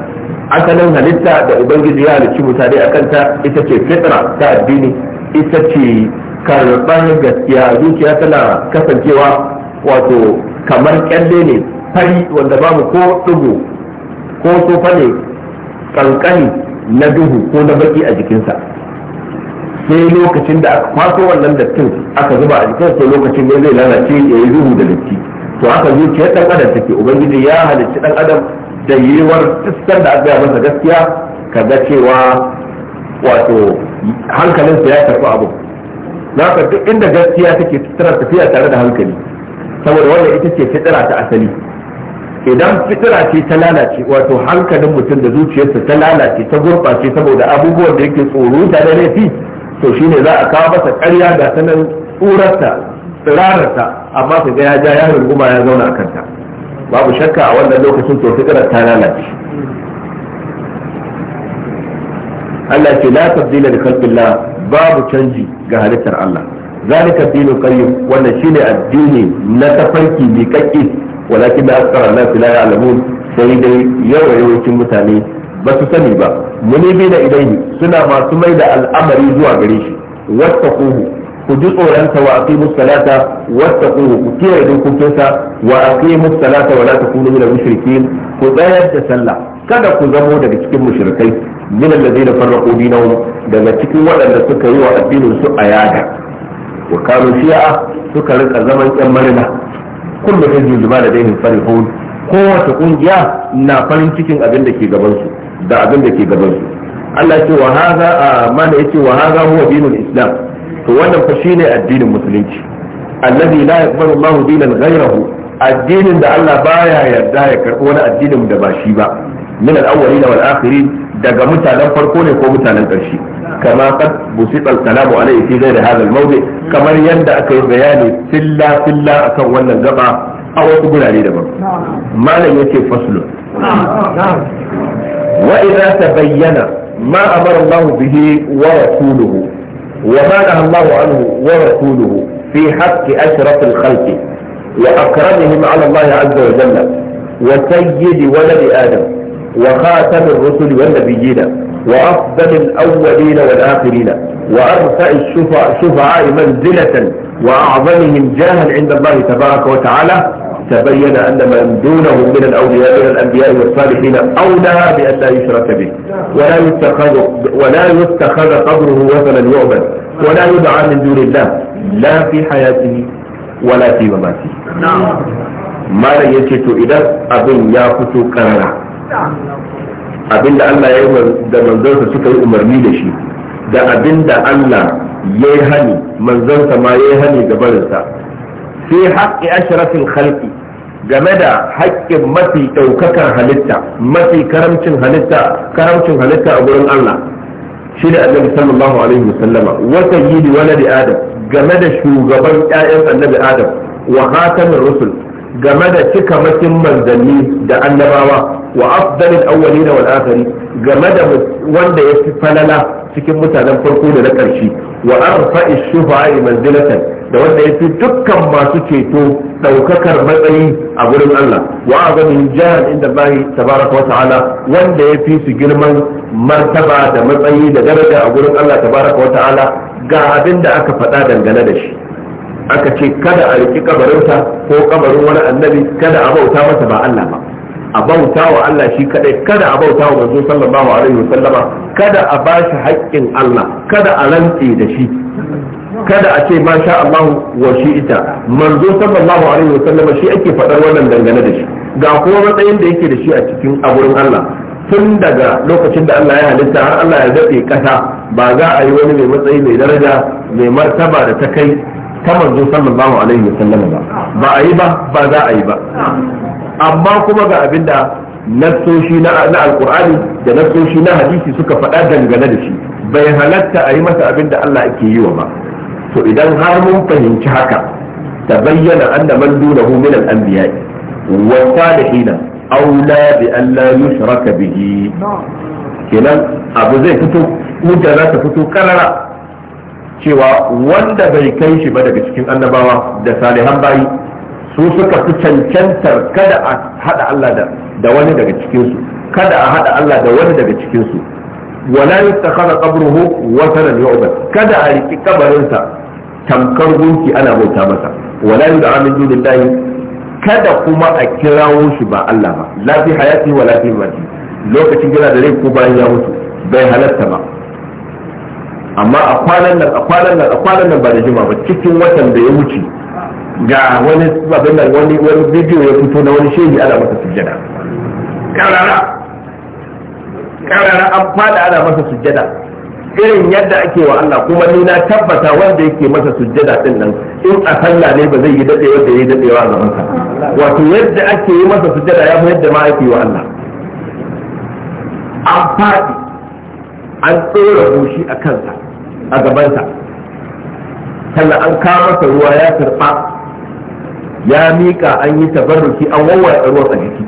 asalin halitta da ubangiji ya halicci mutane a kanta ita ce fitra ta addini ita ce karɓar gaskiya zuciya tana kasancewa wato kamar kyalle ne fari wanda babu ko dugu ko tsofa ne kankani na duhu ko na baki a jikinsa sai lokacin da aka kwaso wannan dattin aka zuba a jikin sai lokacin ne zai lalace ya yi duhu da datti to aka zo ke dan adam take ubangiji ya halicci dan adam da yiwuwar fuskar da aka masa gaskiya kaga cewa wato hankalinsa ya tafi abu na duk inda gaskiya take tana tafiya tare da hankali saboda wannan ita ce fitira ta asali idan fitira ce ta lalace wato hankalin mutum da zuciyarsa ta lalace ta gurɓace saboda abubuwan da yake tsoro ta da laifi to shine za a kawo masa ƙarya ga sanin tsurarta tsirararta amma ka ga ya ja ya runguma ya zauna a kanta babu shakka a wannan lokacin to fitira ta lalace Allah ce la tabdila li khalqillah babu canji ga halittar Allah zalika dinul qayyim wannan shine addini na tafarki mai kakki walakin da aksar Allah la ya'lamun sai dai yawa yawancin mutane ba su sani ba munibi da ilaihi suna masu mai da al'amari zuwa gare shi wattaquhu ku ji tsoron sa wa aqimu salata wattaquhu ku kiyaye dokokin sa wa aqimu salata wa la takunu minal ku tsayar da sallah kada ku zamo daga cikin mushrikai min alladhina farraqu dinahum daga cikin waɗanda suka yi wa addinin su a yaga wa kanu shi'a suka rika zaman yan marina kullu hizbin bima ladaihim farihun kowace kungiya na farin cikin abin da ke gaban su da abin da ke gaban su Allah ce wa hadha amana yace wa hadha huwa dinul islam to wannan fa shine addinin musulunci alladhi la yaqbalu Allahu dinan ghayrahu addinin da Allah baya yarda ya karbi wani addinin da ba shi ba min al-awwalin wal akhirin daga mutanen farko ne ko mutanen ƙarshe كما قد بسيط الكلام عليه في غير هذا الموضع كما يندى أكي بياني سلا سلا أكون ولا الجمعة أو تقول عليه دبر ما لم يكن فصل وإذا تبين ما أمر الله به ورسوله وما نهى الله عنه ورسوله في حق أشرف الخلق وأكرمهم على الله عز وجل وسيد ولد آدم وخاتم الرسل والنبيين وأفضل الأولين والآخرين وأرفع الشفعاء منزلة وأعظمهم جاها عند الله تبارك وتعالى تبين أن من دونهم من الأولياء من الأنبياء والصالحين أولى بأن لا يشرك به ولا يتخذ ولا يتخذ قبره وثنا يعبد ولا يدعى من دون الله لا في حياته ولا في مماته نعم ما لا يجد إذا أبن يا نعم. abinda Allah ya yi da manzansa suka yi umarni da shi da abinda Allah ya yi hani manzansa ma ya yi hani ga barinsa sai haƙƙi ashirafin halki game da haƙƙin mafi ɗaukakar halitta mafi karamcin halitta karamcin halitta a gurin Allah shi da annabi sallallahu alaihi wa wasallama wa sayyidi wani adam game da shugaban ƴaƴan annabi adam wa hatamin rusul game da cika cikamakin manzanni da annabawa Wa'azalin afdalil awwalina wal game da wanda ya fi falala cikin mutanen farko da na ƙarshe wa arfa'i shufa'i manzilatan da wanda ya fi dukkan masu ceto daukakar matsayi a gurin Allah wa azamin jihar inda bayi tabaraka wa ta'ala wanda ya fi su girman martaba da matsayi da daraja a gurin Allah tabaraka wa ta'ala ga abin da aka faɗa dangane da shi aka ce kada a riƙi kabarinsa ko kabarin wani annabi kada a bauta masa ba Allah ba a bauta wa Allah shi kadai kada a bauta wa manzo sallallahu alaihi wasallama kada a bashi haƙƙin Allah kada a rantse da shi kada a ce ma sha Allah wa shi ita manzo sallallahu alaihi wasallama shi ake faɗar wannan dangane da shi ga kuma matsayin da yake da shi a cikin aburin gurin Allah tun daga lokacin da Allah ya halitta har Allah ya daɗe kasa ba za a yi wani mai matsayi mai daraja mai martaba da ta kai ta manzo sallallahu alaihi wasallama ba ba a yi ba ba za a yi ba amma kuma ga abin da nassoshi na alkur'ani da nassoshi na hadisi suka faɗa dangane da shi bai halatta a yi masa abin da Allah ake yi wa ba to idan har mun fahimci haka ta bayyana anna man dunahu min al-anbiya wa salihina aula bi an yushraka bihi kenan abu zai fito hujja za ta fito karara cewa wanda bai kai shi ba daga cikin annabawa da salihan bayi su suka fi cancantar kada a haɗa Allah da wani daga cikinsu kada a haɗa Allah da wani daga cikinsu wala yattakhadha qabruhu watanan yu'bad kada a riki kabarinsa tamkar gunki ana bauta masa wala yud'a min dunillahi kada kuma a kirawo shi ba Allah ba la fi hayati wala fi mati lokacin yana da rai ko bayan ya mutu bai halatta ba amma a kwanan nan a kwanan nan a kwanan nan ba da jima ba cikin watan da ya wuce ga wani abin da wani wani bidiyo ya fito na wani shehi ana masa sujjada karara karara an fada ana masa sujjada irin yadda ake wa Allah kuma ni na tabbata wanda yake masa sujjada din nan in a sallah ne ba zai yi dade wanda yayi wa ga masa wato yadda ake yi masa sujjada ya fi yadda ma ake wa Allah an fadi an tsora bushi a kansa a gabansa sannan an kawo masa ruwa ya karba ya mika an yi tabarruki an wawwatsa ruwan a jiki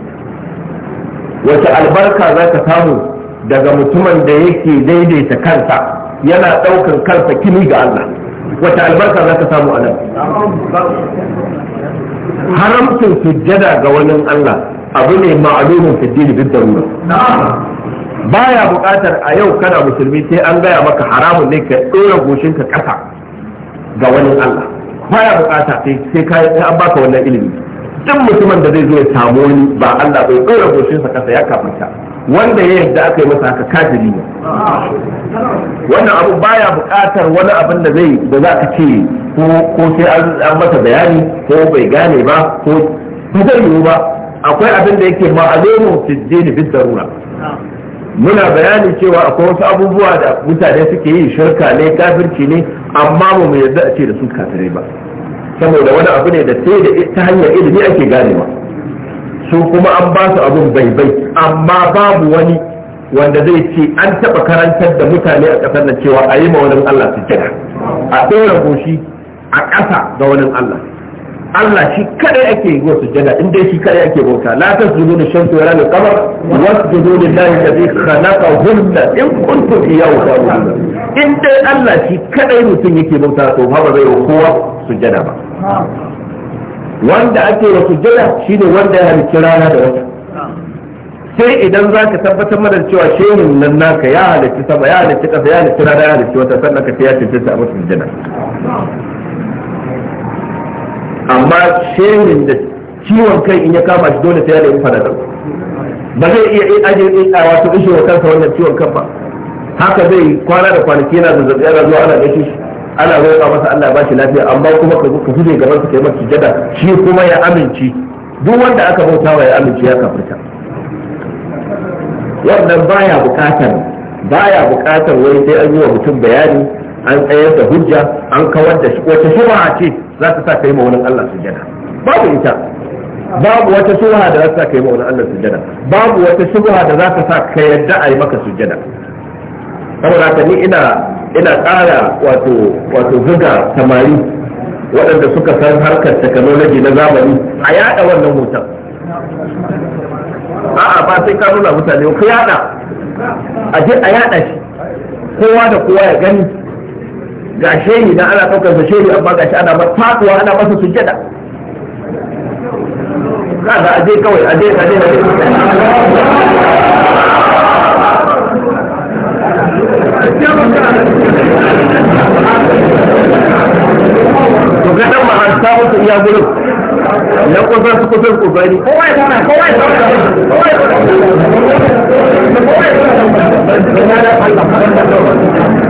wace albarka za ka samu daga mutumin da yake daidaita kansa yana ɗaukan kansa kini ga Allah wace albarka za ka samu a nan haramcin sujjada ga wani Allah abu ne ma'alumin fiddini bid darura baya buƙatar a yau kana musulmi sai an gaya maka haramun ne ka ɗora goshinka ƙasa ga wani Allah baya bukata sai sai ka an baka wannan ilimi duk mutumin da zai zo ya samu wani ba Allah bai dora goshinsa kasa ya kafinta wanda ya yadda aka yi masa haka kafiri ne wannan abu baya bukatar wani abin da zai da za ka ce ko sai an masa bayani ko bai gane ba ko ba zai yiwu ba akwai abin da yake ma'alumu fi jini bi darura muna bayani cewa akwai wasu abubuwa da mutane suke yi shirka ne kafirci ne amma mu mu yarda a ce da su kafirai ba saboda wani abu ne da sai da ta hanyar ilimi ake ganewa su kuma an ba su abun baibai amma babu wani wanda zai ce an taɓa karantar da mutane a kasar nan cewa a yi ma wani Allah su kira, a ɗora goshi a ƙasa ga wani Allah Allah shi kadai ake yi wa sujjada in dai shi kadai ake bauta la tasjudu lishamsi wa la lilqamar wasjudu lillahi alladhi khalaqahunna in kuntum iyyahu ta'budun in dai Allah shi kadai mutum yake bauta to ba ba zai wa kowa sujjada ba wanda ake wa sujjada shine wanda ya halicci rana da wata sai idan za ka tabbatar mana cewa shehin nan naka ya halicci sama ya halicci kasa ya halicci rana ya halicci wata sannan ka ce ya cancanta a masu sujjada amma sharing da ciwon kai in ya kama shi dole sai ya nemi fadalar ba zai iya in aje a wato ishe wa kansa wannan ciwon kan ba haka zai kwana da kwanaki yana zazzabi yana zuwa ana gashi shi ana roƙa masa Allah ya bashi lafiya amma kuma ka ka fuje gaban su kai masa jada shi kuma ya amince duk wanda aka bautawa ya amince ya kafirta wannan baya bukatar baya bukatar wai sai an yi wa mutum bayani an tsayar da hujja an kawar da shi wace shubha ce za ta sa kai ma wani Allah sujada babu ita babu wata shuba da za ta sa kai ma wani Allah sujada babu wata shuba da za ta sa ka yadda a yi maka sujada saboda ka ni ina ina tsara wato wato zuga samari waɗanda suka san harkar technology na zamani a yada wannan hoton a'a ba sai ka nuna mutane ku yada a je a yada shi kowa da kowa ya gani ga shehi na ana ɗaukar da shehi amma ga shi ana ba fatuwa ana masa sujjada kaga aje kawai aje aje to ga dan ta mutu iya gurin su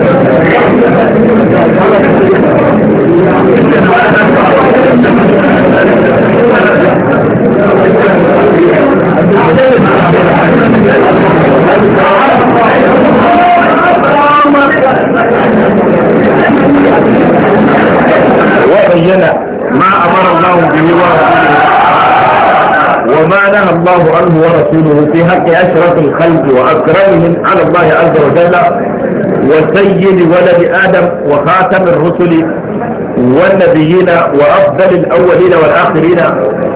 وبين ما امر الله به ورسوله وما نهى الله عنه ورسوله في حق أشرف الخلق وأكرمهم على الله عز وجل وسيد ولد آدم وخاتم الرسل والنبيين وأفضل الأولين والآخرين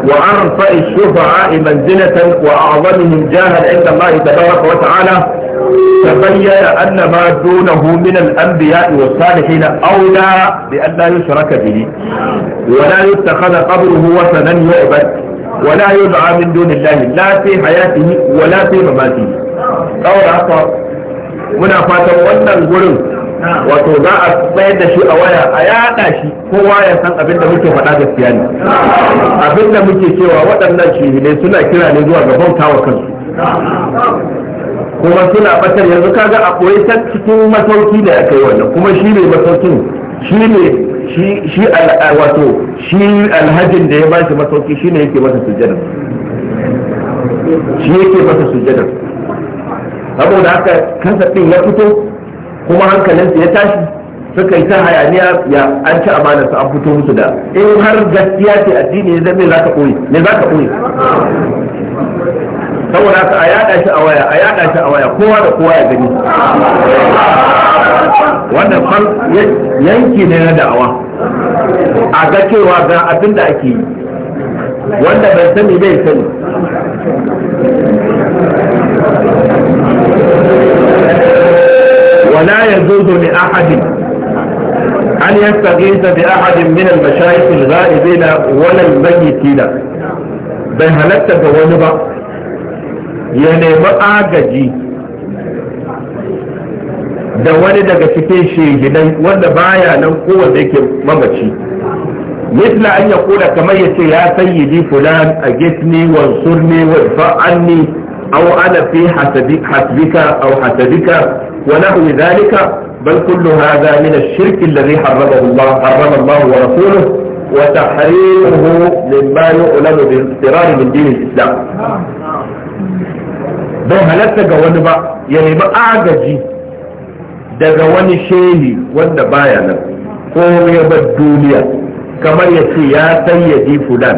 وأرفع الشفعاء منزلة وأعظمهم جاها عند الله تبارك وتعالى تبين أن ما دونه من الأنبياء والصالحين أولى بأن لا يشرك به ولا يتخذ قبره وثنا يعبد wala yud'a min dunillahi la fi hayatihi wala fi mamatihi saboda haka muna fatan wannan gurin wato za a tsayar da shi a waya a yaɗa shi kowa ya san abin da muke faɗa gaskiya ne abin da muke cewa waɗannan shehidai suna kira ne zuwa ga bautawa kansu kuma suna batar yanzu kaga a ɓoye ta cikin masauki da aka yi wannan kuma shi ne masaukin shi ne shi wato shi alhajin da ya bashi masauki shi ne yake masa sujjadar shi yake masa sujjadar saboda haka kansa din ya fito kuma hankalinsa ya tashi suka yi ta hayaniya ya an ci amanar an fito musu da in har gaskiya ce addini ne zai za ka ne za ka saboda a yada shi a waya a yada shi a waya kowa da kowa ya gani wannan yanki ne na da'awa a ga cewa ga abin da ake yi wanda bai sani bai sani ولا يجوز لأحد أن يستغيث بأحد من المشايخ الغائبين ولا الميتين بهلت فونبا ya nemi agaji da wani daga cikin shehinai wanda baya nan kowanne yake mamaci misla an ya kula kamar ya ce ya sayyidi fulan a gisni wan surni wan fa'anni aw ana fi hasabika aw hasabika wa nahwi kullu hadha min ash-shirk alladhi harramahu Allah harrama Allah wa rasuluhu wa tahrimuhu mimma yu'lamu bi istirari min bai halatta ga wani ba ya nemi agaji daga wani shehi wanda baya nan ko ya bar duniya kamar ya ce ya sayyadi fulan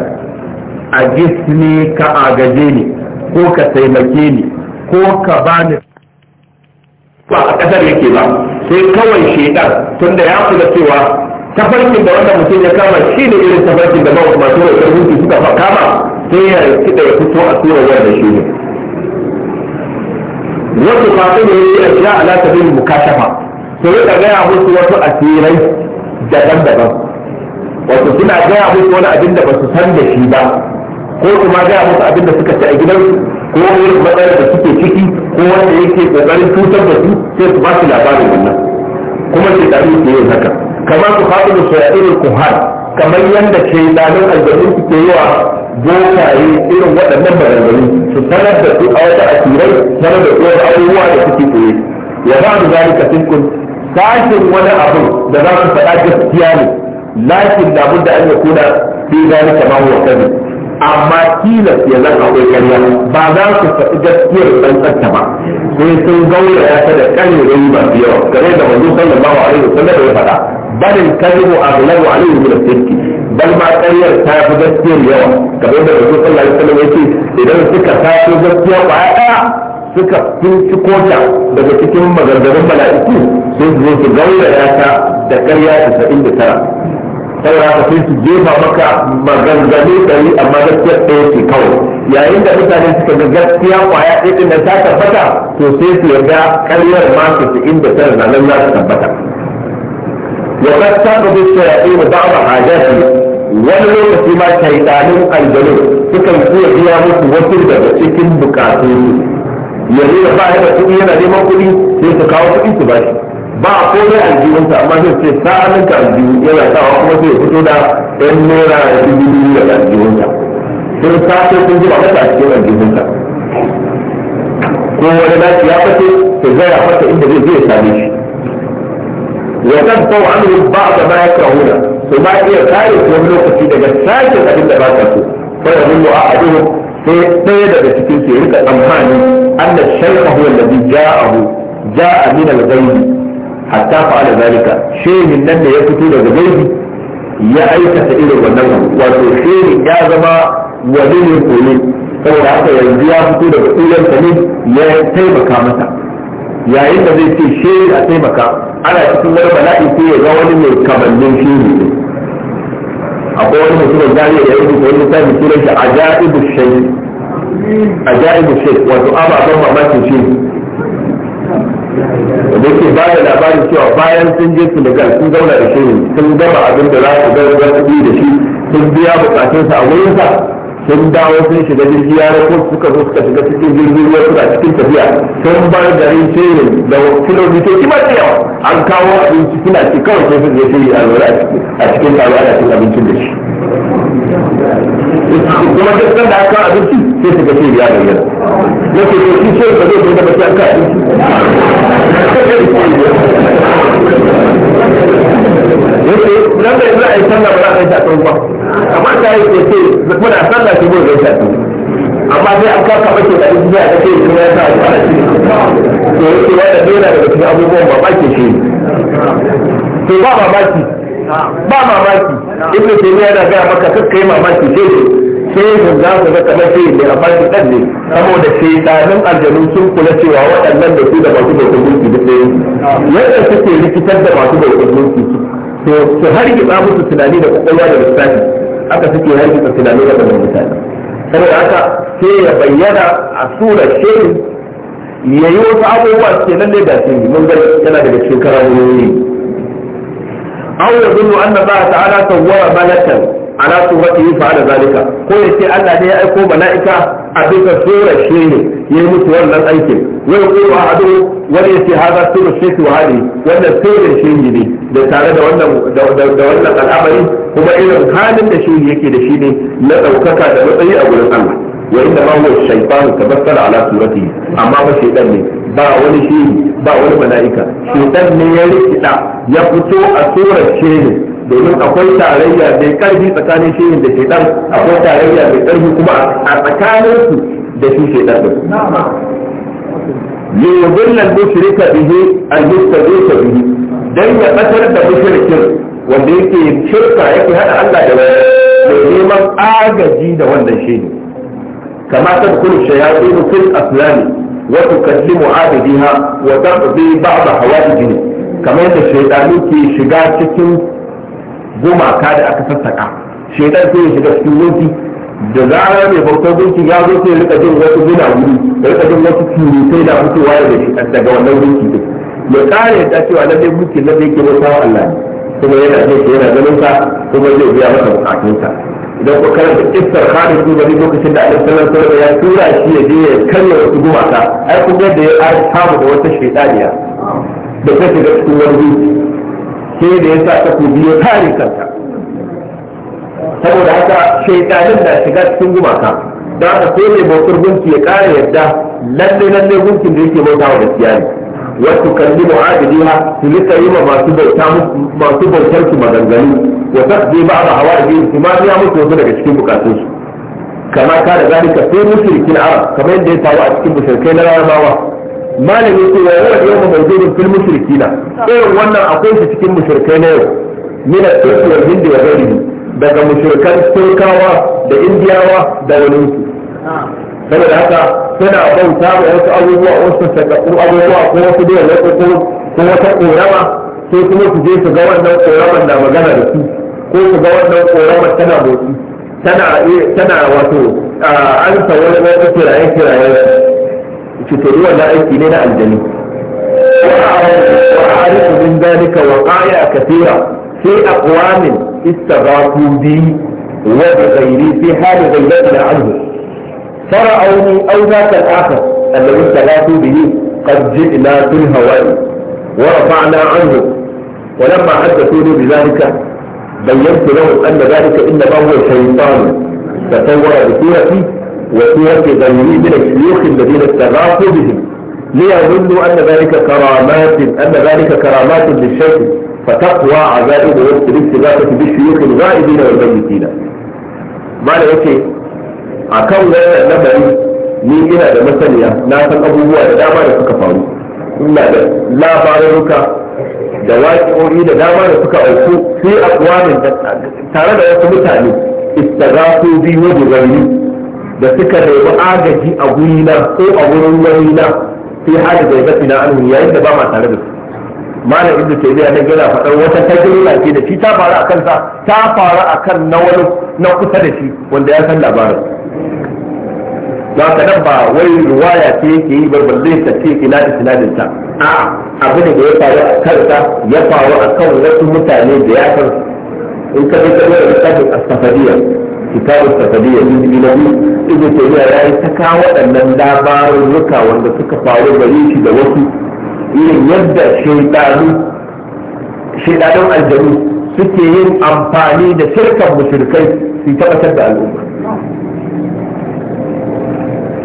a gisni ka agaje ni ko ka taimake ni ko ka bani ba a ƙasar yake ba sai kawai tun tunda ya kula cewa tafarkin da wanda mutum ya kama shi ne irin tafarkin da masu mai karfin suka kama sai ya kiɗa ya fito a tsoron wayar da shi ne wasu fata ne yi a sha ala ta bin mukashafa su rika gaya musu wasu asirai daban-daban wato suna gaya musu wani abin da ba su san da shi ba ko kuma gaya musu abin da suka ci a gidan ko wani matsayar da suke ciki ko wanda yake kokarin cutar da su sai su ba su labarin wannan kuma sai da su yin haka kamar su fata da irin kuhar kamar yadda ke danin aljannu suke yi wa bokaye irin waɗannan maganganu su sanar da su a wata asirai sanar da tsohon abubuwa da suke koye ya ba da zalika fiskun sashin wani abu da za su faɗa gaskiya ne lakin da da an yakuna fi zalika ma huwa kazi amma tilas ya zan akwai karya ba za su faɗi gaskiyar tsantsanta ba sai sun gauraya ta da ƙarerai masu yawa gare da manzo sallallahu alaihi wasallam ya faɗa barin kalmu aghlabu alaihi min al bal ma ƙaryar ta fi gaskiyar yawa kamar da rasu sallallahu alaihi wasallam yake idan suka fi gaskiya kwaya ɗaya suka finciko ta daga cikin maganganun mala'iku sun zo su gauraya ta da ƙarya tasa'in da tara saboda haka sai su jefa maka maganganu ɗari amma gaskiya ɗaya ce kawai yayin da mutane suka ga gaskiya kwaya ɗaya ɗin ta tabbata to sai su yarda ƙaryar ma tasa'in da tara na nan za su tabbata وقد تقضي الشياطين بعض حاجاته wani lokaci ma shaitanin aljanu sukan iya biya musu wasu daga cikin bukatu ya nuna ba ya da kuɗi yana neman kuɗi sai su kawo kuɗi su bashi ba a komai aljihunsa amma sai ce sa'anin ka aljihu yana sawa kuma sai ya fito da ɗan nera da dubu biyu daga aljihunsa sun sace sun zuba masa a cikin aljihunsa ko wani na ya fashe sai zai ya fashe inda zai zai same shi wa kan tsawo an ba da ma ya kawo su ma iya kare wani lokaci daga sashen abin da ba ta so fa ya zunnu a aduhu sai ɗaya daga cikin su ya rika tsammani anna shaykha huwa alladhi ja'ahu ja'a min al-ghayb hatta fa'ala zalika shehin nan da ya fito daga gaibi ya aikata irin wannan wato shi ya zama wani ne koyi saboda haka yanzu ya fito daga ƙulan ne ya taimaka masa yayin da zai ce shehi a taimaka ana cikin wani bala'i sai ya ga wani mai kamannin shehi ne akwai wani mutumin zariya da ya yi rubuta wani littafi sunan shi ajaibu shehi ajaibu shehi wato ababen mamakin shehi da ke ba da labarin cewa bayan sun je Senegal sun zauna da shehi sun gama abin da za su ga da shi sun biya bukatunsa a wurinsa sun dawo sun shiga jirgi ya rako suka zo suka shiga cikin jirgin ruwa suna cikin tafiya sun da yin tere da kilomitoci masu yawa an kawo abinci suna ci kawai sai su je su yi alwala a cikin taro ana cin abincin da shi kuma duk da aka kawo abinci sai su ga shi ya bayyana yake to shi sai ba zai da ba sai an kawo abinci yake nan da za a yi sallah ba za a yi ta ba amma ta yi ke ce muna sallah shi gobe ta amma sai an kaka mace da in a kace shi ya sa ba shi to yake wanda dole daga cikin abubuwan ba ba ke shi to ba mamaki ba mamaki ibnu taymiya yana ga maka kakkai mamaki sai sai za ku ga kamar sai ne amma shi kan ne saboda shaitanin aljanu sun kula cewa waɗannan da su da masu bautar mulki duk ɗaya yadda suke rikitar da masu bautar mulki to su hargitsa musu tunani da kwakwalwa da lissafi haka suke hargitsa tunani da kwakwalwa mutane saboda haka sai ya bayyana a surar shehu ya yi wasu abubuwa ke nan ne da shi mun ga yana daga cikin karamomi أو يظن أن الله تعالى صور ملكا ala suratihi fa ala zalika ko ya ce Allah ne ya aiko mala'ika a duka sura shi ne yi musu wannan aikin wai kuma a hadu wani ya ce haza sura shi wa Hali wanda sura shi ne da tare da wannan da al'amari kuma irin halin da shi yake da shi ne na daukaka da matsayi a gurin Allah wa inda ma huwa shaytan tabassara ala suratihi amma ba shaytan ne ba wani shi ba wani mala'ika shaytan ne ya rikida ya fito a surar shi ne domin akwai tarayya mai karfi tsakanin shi da shaitan akwai tarayya mai karfi kuma a tsakanin su da shi shaitan din ne yudilla mushrika bihi al-mustadika bihi dan ya batar da mushrikin wanda yake shirka yake hada Allah da wani mai neman agaji da wannan shehi kama tadkhulu shayatin fil aslami وتكلم عابدها وتقضي kamar حوائجه كما ke shiga cikin. gumaka da aka sassaka shaitan sai ya shiga cikin gunki da zarar mai bautar gunki ya zo sai ya rika jin wasu guda wuri ya rika jin wasu sai na fitowa da shi daga wannan gunki din ya kare ta cewa na dai gunki na dai ke bauta wa Allah kuma yana jin shi yana ganin sa kuma zai biya masa sa idan ku karanta kissar Khalid bin Walid lokacin da Allah sallallahu alaihi wasallam ya tura shi ya je ya karya wasu gumaka ai kuma da ya samu da wata shaitaniya da ta shiga cikin wani gunki sai da ya sa ku biyo tare kanta saboda haka shaitanin da shiga cikin gumaka da haka sai mai bautar gunki ya ƙara yadda lalle lalle gunkin da yake bautawa gaskiya ne wasu kalli mu'adiliha su rika yi ma masu bautar su maganganu wa tasbi ba ba hawa ji su ma ya mutu wasu daga cikin bukatun su kama ka da zalika sai mushrikin arab kamar yadda ya tawo a cikin mushrikai na larabawa malami ce wa yawa yau mawjudun fil mushrikina irin wannan akwai shi cikin mushrikai na yau min al-turki wal hindi wa daga mushrikan turkawa da indiyawa da wani su saboda haka suna bauta da wasu abubuwa wasu sakakku abubuwa ko wasu da wasu ko wata korama sai kuma su je su ga wannan koramar na magana da su ko su ga wannan koramar tana motsi tana wato an sa wani wata kirayen kirayen cikin لا أيتي لنا na وعارف من ذلك وقائع كثيرة في أقوام استغاثوا بي وبغيري في حال غيبتنا عنه فرأوني أو ذاك الآخر الذي استغاثوا به قد جئنا في الهواء ورفعنا عنه ولما حدثوني بذلك بينت لهم أن ذلك إنما هو شيطان تصور بصورتي وسيرة غيره من الشيوخ الذين استغاثوا بهم ليظنوا أن ذلك كرامات أن ذلك كرامات للشيخ فتقوى عذاب وقت الاستغاثة بالشيوخ الغائبين والميتين ما لا يكي أكون لا النبري نيجي ina da masaniya na san abubuwa da dama da suka faru ina da labaruka da waƙi'o'i da dama da suka auku sai استغاثوا tare da wasu mutane bi wa bi da suka nemi agaji a gurina ko a wurin wurina fi hali da ya na anhu yayin da ba ma tare da su malam ibnu taymiya nan yana faɗar wata tajriba ke da shi ta faru a kansa ta faru a kan na wani na kusa da shi wanda ya san labarin ba ka nan ba wai ruwaya ce yake yi barballe ta ce ina da ta a abin da ya faru a kansa ya faru a kan wasu mutane da ya san in ka bi ka da littafin kitabun safadiyya su ilawi ibn tabiya ya yi ta kawo waɗannan labarurruka wanda suka faru gare shi da wasu irin yadda shaidanun aljanu suke yin amfani da shirkan mushrikai su tabbatar da al'umma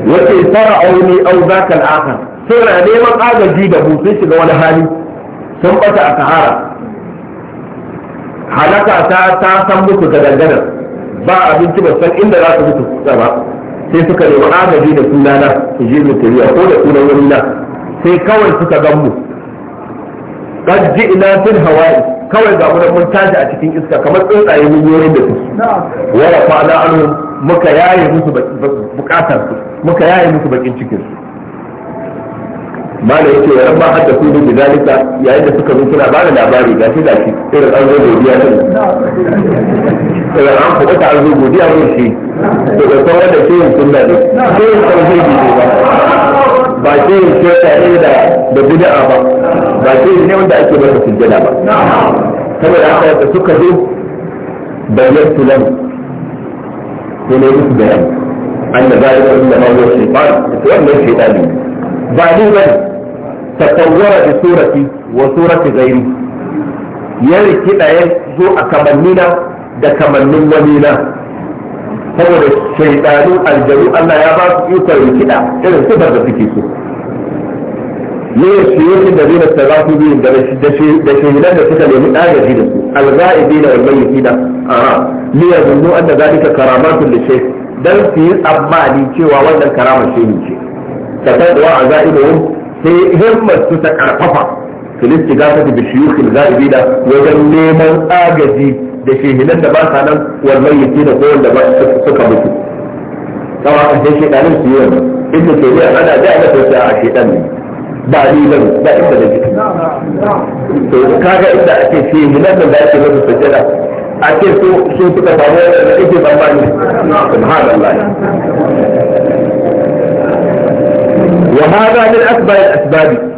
wace auni au zakal akhar suna neman agaji da mu sun shiga wani hali sun bata a sahara halaka ta ta san muku ga dangana ba abinci ba san inda za su mutu kusa ba sai suka nemi agaji da sunana su je mutariya ko da sunan wani na sai kawai suka gan mu ji ina fil hawa'i kawai ga mun mun tashi a cikin iska kamar tsuntsaye mun yi da su wa rafa'na anhum muka yaye musu bukatar su muka yaye musu bakin cikinsu. ma da yake yaran ba hadda kudu da dalika yayin da suka zo suna bada labari shi da shi irin an zo godiya din irin an kuɗa ta an zo godiya ne shi to da sauran da ke yin sunna ne ke yin sarfi ne ba ba ke yin shirka ne da da bid'a ba ba ke yin ne wanda ake masa sujjada ba saboda haka da suka zo bayyana tulan ko ne musu bayani an da zalika inda ma huwa shaytan to wannan shaytan ne ba ni ne tasawwara bi surati wa surati ghairi ya rikida ya zo a kamannina da kamannin wani na saboda shaidanun aljanu Allah ya ba su ikon rikida irin sifar da suke so ne ya shiye shi da zina sarrafu biyu da shahidan da suka nemi agaji da su alza'ibi da wal mayyiti da aha ni ya zunnu dan su yi cewa wannan karamar shehi ce sai himmar su ta karfafa filisti gasa da da za'ibi da wajen neman agaji da shehinan da ba sa nan wannan yake da kowan da ba suka mutu kawa a sai shedanin su yi wannan inda ke biya ana da ana sai a shedan ne ba ni ba ba inda da jiki to kaga inda ake shehinan da ake musu sajada a ce su suka samu wannan da ake bambani subhanallah وهذا من أكبر الأسباب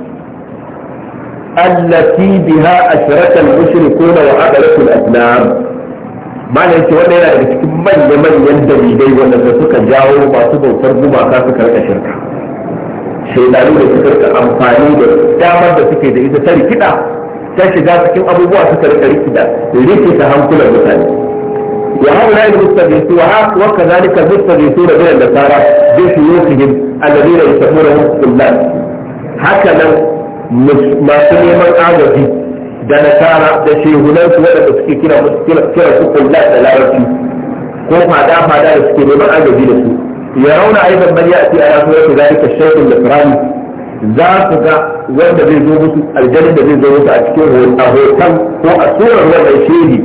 التي بها أشرك المشركون وعبدت الأسلام ما ليس ولا يلا cikin manya manyan dalilai wanda suka jawo masu bautar gumaka suka rika shirka shaidanu da suka rika amfani da damar da suke da ita ta rikida ta shiga cikin abubuwa suka rika rikida rikita hankulan mutane وهؤلاء المستغيثون وكذلك المستغيثون من النصارى بشيوخهم الذين يسمونهم الله هكذا masu neman agaji da nasara da shehunan su waɗanda suke kira su kulla da larabci ko fada fada da suke neman agaji da su ya rauna aidan man ya ce ala sura zalika shaykhun da firani za su ga wanda zai zo musu aljanna da zai zo musu a cikin hoton ko a surar wannan shehi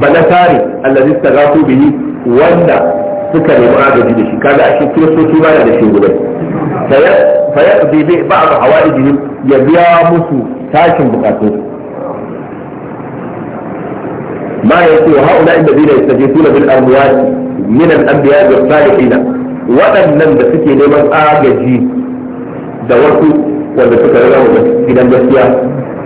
balasari allazi tagatu bihi wanda suka nemi agaji da shi kaga ashe kiristoci ba da shi gudan fa yaqdi bi ba'd hawaijihim ya biya musu tashin bukatun ما يكون هؤلاء الذين يستجيبون بالأموال من الأنبياء والصالحين waɗannan da suke neman agaji da wasu wanda suka rana wa gidan gaskiya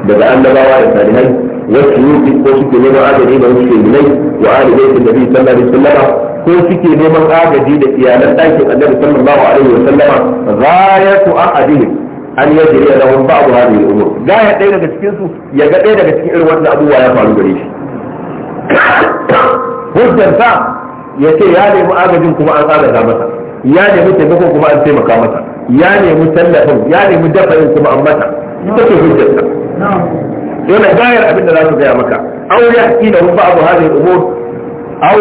daga annabawa da salihai والسيوط كوسك نما آجدي من وشي إليه وآل بيت النبي صلى الله عليه وسلم كوسك نما آجدي لإيانا تاكد النبي صلى الله عليه وسلم غاية أحدهم أن يجري لهم بعض هذه الأمور غاية دينا بسكنسو بريش hujjar sa ya ce ya nemi agajin kuma an tsara masa ya nemi taimakon kuma an taimaka masa ya nemi tallafin ya nemi dafa'in kuma an mata ita ce hujjar sa dole gayar abin da za su gaya maka aw yahki da hum ba'd hadhihi umur da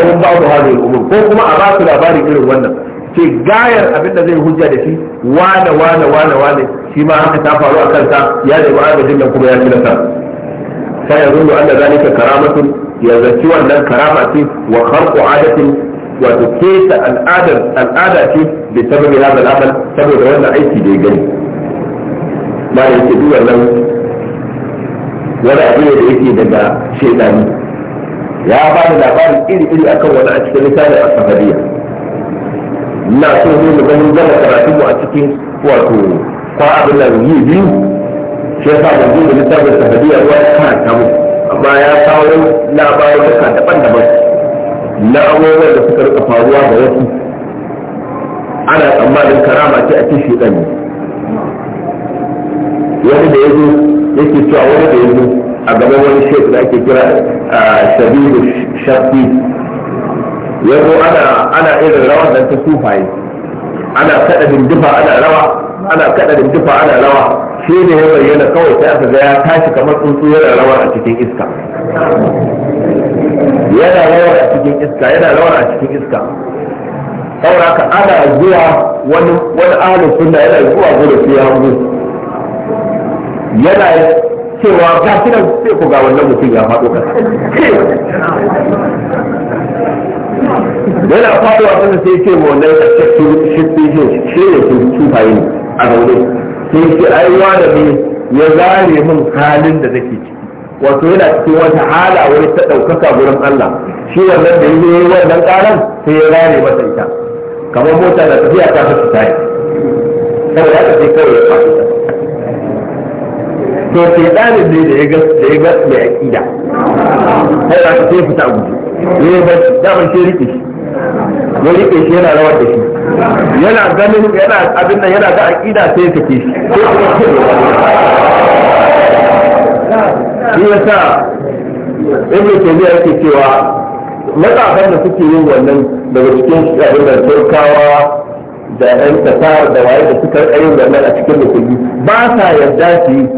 umur ko kuma a ba su labari irin wannan ce gayar abin da zai hujja da shi wane wane wane wane shi ma haka ta faru a sa ya nemi agajin nan kuma ya fi nasara sai ya zuru anna zalika karamatun ya zaci wannan karama ce wa kharqu adatin wato keta al'adar al'ada ce da sababi hada al'amal saboda wannan aiki da ya gani ma yake duk wannan wani abu ne da yake daga shekaru ya ba da labarin iri-iri akan wani a cikin a asafariya na so ne mu ganin gama karatu mu a cikin wato kwa abin da yi biyu shi yasa ban zo da littafin asafariya ruwa ya karanta mu amma ya kawo labarin duka daban-daban na abubuwan da suka rika faruwa da wasu ana tsammanin karama ce a cikin shekaru wani da ya zo yake cewa wani da yanzu a gaban wani shek da ake kira a shabibu shafi yanzu ana irin rawa nan ta sufaye ana kada dindufa ana rawa ana kada dindufa ana rawa shi ne ya bayyana kawai ta aka ga ya tashi kamar tsuntsu yana rawa a cikin iska yana rawar a cikin iska yana rawar a cikin iska saboda ana zuwa wani wani ahlus yana zuwa gudu sai ya hango yana cewa ga kiran sai ku ga wannan mutum ya faɗo ka yana faɗuwa kasa sai ce wa wannan shakki shakki shi ne su tufaye a gaune sai ce ai wani ne ya zare min halin da nake ciki wato yana cikin wata hala wani ta ɗaukaka gurin Allah shi wannan da yi yi wannan ƙaran sai ya zare masa ita kamar mota na tafiya ta fi su tayi ya ta sai kawai ya faɗi to sai ɗalib ne da ya ga da ya ga mai aƙida sai ba sai fita a guje ne ba damar sai rike shi ya rike shi yana rawar da shi yana ganin yana abin nan yana ga aƙida sai ya kake shi shi yasa ibnu taymiya yake cewa matsafan da suke yin wannan daga cikin abin da turkawa da 'yan tasar da waye da suka yin wannan a cikin musulmi ba sa yarda su yi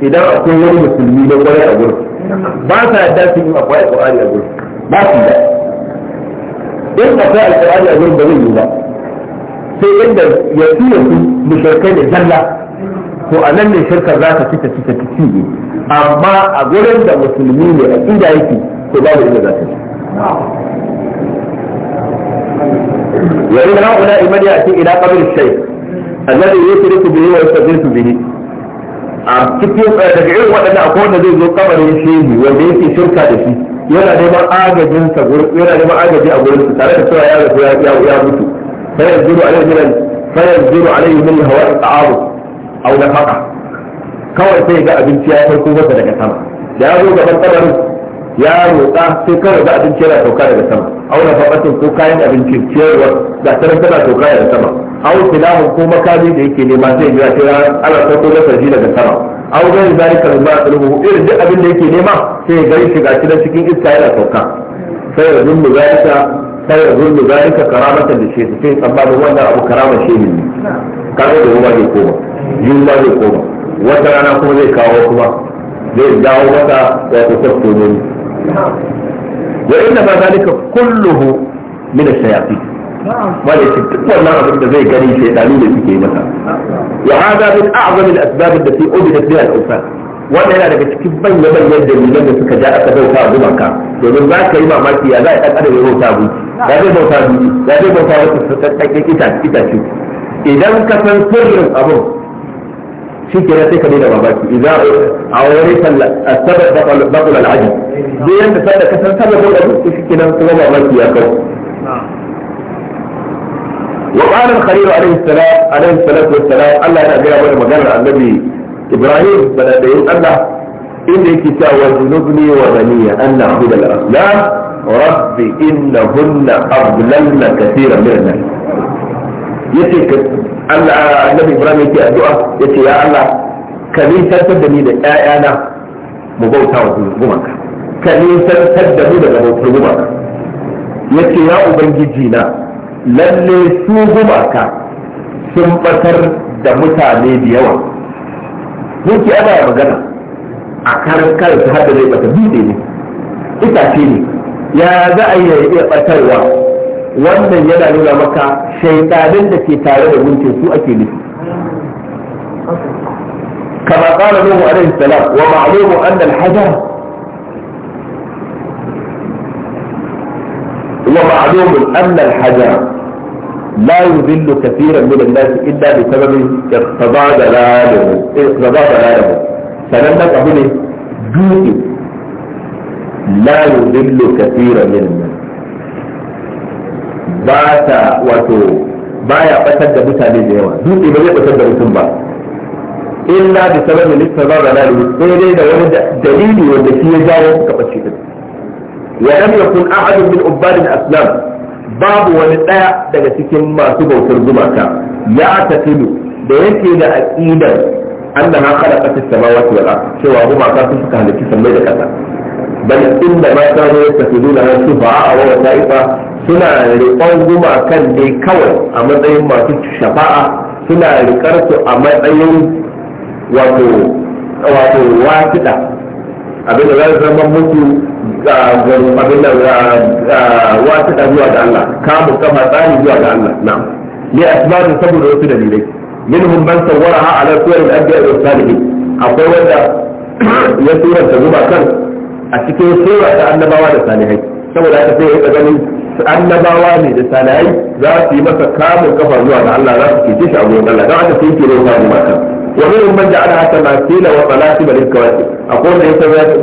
idan akwai wani musulmi da kwarai a gurin ba sa yadda su yi akwai alƙur'ani a gurin ba su da in akwai alƙur'ani a gurin ba zai yi ba sai inda ya fi ya fi mushrikai da zalla to a nan ne shirkar za ta fita fita fiti ne amma a gurin da musulmi ne a inda yake to babu inda za ta ci وإن هؤلاء من يأتي إلى قبر الشيخ الذي يشرك به ويستغيث به cikin eh, daga irin waɗanda akwai wanda zai zo kamarin shehi wanda yake shirka da shi yana neman agajin sa yana neman agaji a gurin tare da cewa ya rasu ya mutu fa yanzuru alaihi min fa yanzuru alaihi min hawa'i ta'abu aw nafaqa kawai sai ga abinci ya farko masa daga sama da ya zo gaban kamarin ya roƙa sai kawai da abinci yana sauka daga sama aw nafaqatin ko kayan abinci ciyarwa da tana tana sauka daga sama aw silahu ko makami da yake nema zai jira sai Allah ta ko da sarji daga sama aw zai zalika ma tsulhu irin duk abin da yake nema sai a shi ga cikin cikin iska yana sauka sai a zunnu zalika sai ya zunnu zalika karamatan da shi sai wannan abu karama shehi ne kaga da ruwa koma yunwa zai koma wata rana kuma zai kawo kuma zai dawo wa inna ma zalika ba da shi zai gani sai dani da suke masa wa hada min a'zam al-asbab allati ubidat biha al-insan wannan yana daga cikin manyan manyan dalilan da suka ja aka bauta a gumaka domin za ka yi mamaki ya za a ɗan adam ya bauta abu ya zai bauta abu ya zai bauta wasu sassaƙaƙƙen idan ka san sirrin abin shi ke sai ka daina mamaki idan a wani sabar bakul al'aji duk yadda sada ka san kuma mamaki ya kawo وقال الخليل عليه السلام عليه الصلاة والسلام الله يرجع من مجال النبي إبراهيم أبي الله إني كتاب واجنبني وبني أن نعبد الأصنام ربي إنهن أضللن كثيرا من الناس يتي النبي إبراهيم يتي الدعاء يتي يا الله كلي تتدني لآيانا مبوتا وغمك كلي تتدني لغمك يتي يا أبنجي جينا lalle su gumaka sun batar da mutane da yawa yake ana magana a karin kayan su hada zai bata dutse ne itace ne ya za a yi iya batarwa wannan yana nuna maka shaidanin da ke tare da gunkin su ake nufi كما قال نوح عليه السلام ومعلوم أن الحجر ومعلوم أن الحجر لا يذل كثيرا من الناس إلا بسبب اقتضى دلاله اقتضى دلاله فلما تقول جوتي لا يذل كثيرا من الناس باتا وتو baya batar da mutane da yawa dutse ba zai batar da mutum ba illa bi sababi littafa da lalu sai dai da wani dalili wanda shi ya jawo suka bace din wa lam min babu wani ɗaya daga cikin masu bautar gumaka ya tafilu da yake da aqidar Allah ya kada kasar samawati wal ard cewa gumaka sun suka halitta sammai da kasa bal inda ma ta ne tafilu na a wa ta'ifa suna riƙon gumakan ne kawai a matsayin masu shafa'a suna riƙar su a matsayin wato wato wasiƙa abinda za su zama mutu ga abinda wata da zuwa ga Allah kamun kama tsari zuwa da Allah na'am li asbabin saboda wasu dalilai minhum man sawwaraha ala suwar al da wa salihin akwai wanda ya tura ta zuba kan a cikin sura ta annabawa da salihai saboda haka sai ya yi ganin annabawa ne da salihai za su yi masa kamun kafa zuwa da Allah za su kike shi a gurin Allah don haka sai ke roƙa ne kan. ومنهم من جعلها تماثيل وطلاسم للكواكب أقول ليس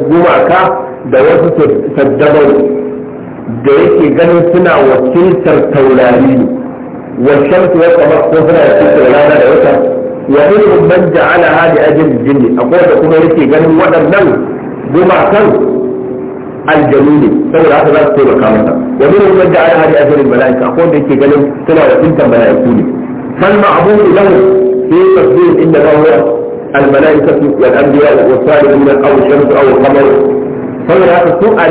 جمعك da wasu saddabar da yake ganin suna wakiltar taurari wa shamsu wa kamar ko suna wakiltar rana da wata wa minhum man ja'ala hadi ajin jinni akwai da kuma yake ganin waɗannan gumakan aljanu ne saboda haka za su kamar ta wa minhum man ja'ala hadi ajin mala'ika akwai da yake ganin suna wakiltar mala'iku ne fal ma'budu lahu في تقدير إنما هو الملائكة والأنبياء والصالحين أو الشمس أو القمر saboda haka su a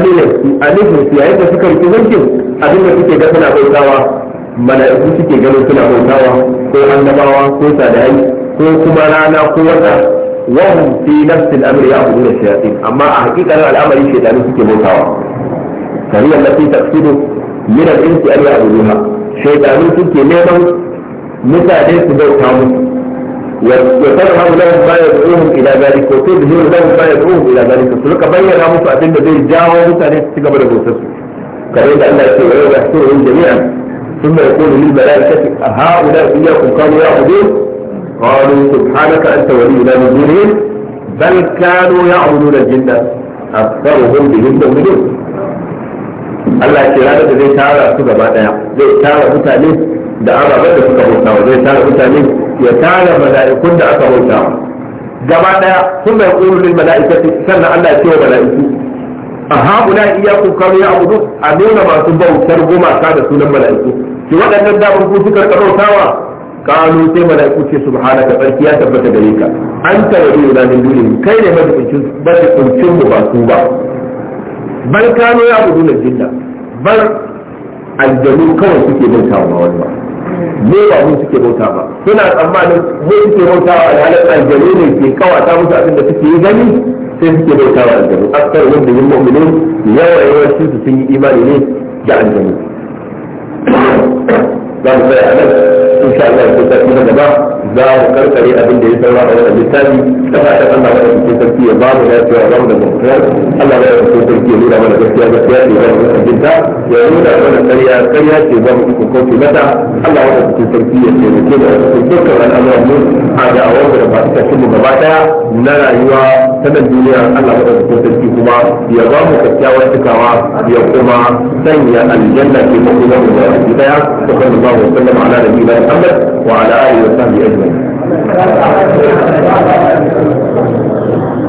nufin su yayin da suka rike mulkin abin da suke ga suna bautawa mala'iku suke ganin suna bautawa ko annabawa ko sadai ko kuma rana ko wata wahum fi nafsil amri ya'buduna shayatin amma a hakikanin al'amari shaytanu suke bautawa kariya lati taqsidu min al-insi an ya'buduha shaytanu suke neman mutane su bauta musu وتظهر لهم ما يدعوهم الى ذلك وتظهر لهم ما يدعوهم الى ذلك سلوك بين musu abin da جاءوا jawo mutane su ci كريم ان bautar su جميعا ثم يقول للملائكة هؤلاء إياكم قالوا يعبدون قالوا سبحانك أنت ولينا من دونهم بل كانوا يعبدون الجن أكثرهم بهم مؤمنون الله ke هذا الذي تعالى tara su تعالى daya zai da ababen da suka bauta wa zai tara mutane ya tara mala'ikun da aka bauta gaba daya sun mai kuru lil mala'ikati sannan Allah ya ce wa mala'iku a iya ku kawo ya abudu a nuna masu bautar gumaka da sunan mala'iku ki waɗannan damar ku suka wa kalu sai mala'iku ce subhanaka tsarki ya tabbata gare ka an biyu na min dole kai ne mafi kuncin mu ba su ba bal kano ya budu na jinna bal aljanu kawai suke bautawa ba wani ba ne ba mu suke bauta ba suna tsammanin mu suke bauta wa alhalin aljanu ne ke kawata musu abin da suke yi gani sai suke bauta wa aljanu akwai wanda yin mu'minin yawa yawa su sun yi imani ne da aljanu za mu tsaya a nan in sha Allah ko ta kuma gaba za mu karkare abin da ya saura a wannan littafi da fatan Allah ya rubuce sarki ya ba mu lafiya ya ba mu da mutuwar Allah ya rubuce sarki ya nuna mana gaskiya gaskiya ce ba mu kasance ta ya nuna mana ƙarya ƙarya ce ba mu iko kauce mata Allah ya rubuce sarki ya taimake da wasu dukkan al'amuran mu a da'awar da ba su kashe mu gaba daya na rayuwa ta nan duniya Allah ya rubuce sarki kuma ya ba mu kyakkyawar cikawa ya kuma sanya aljanna ke mu da mu da daya ta kan ba الله وسلم على نبينا محمد وعلى آله وصحبه أجمعين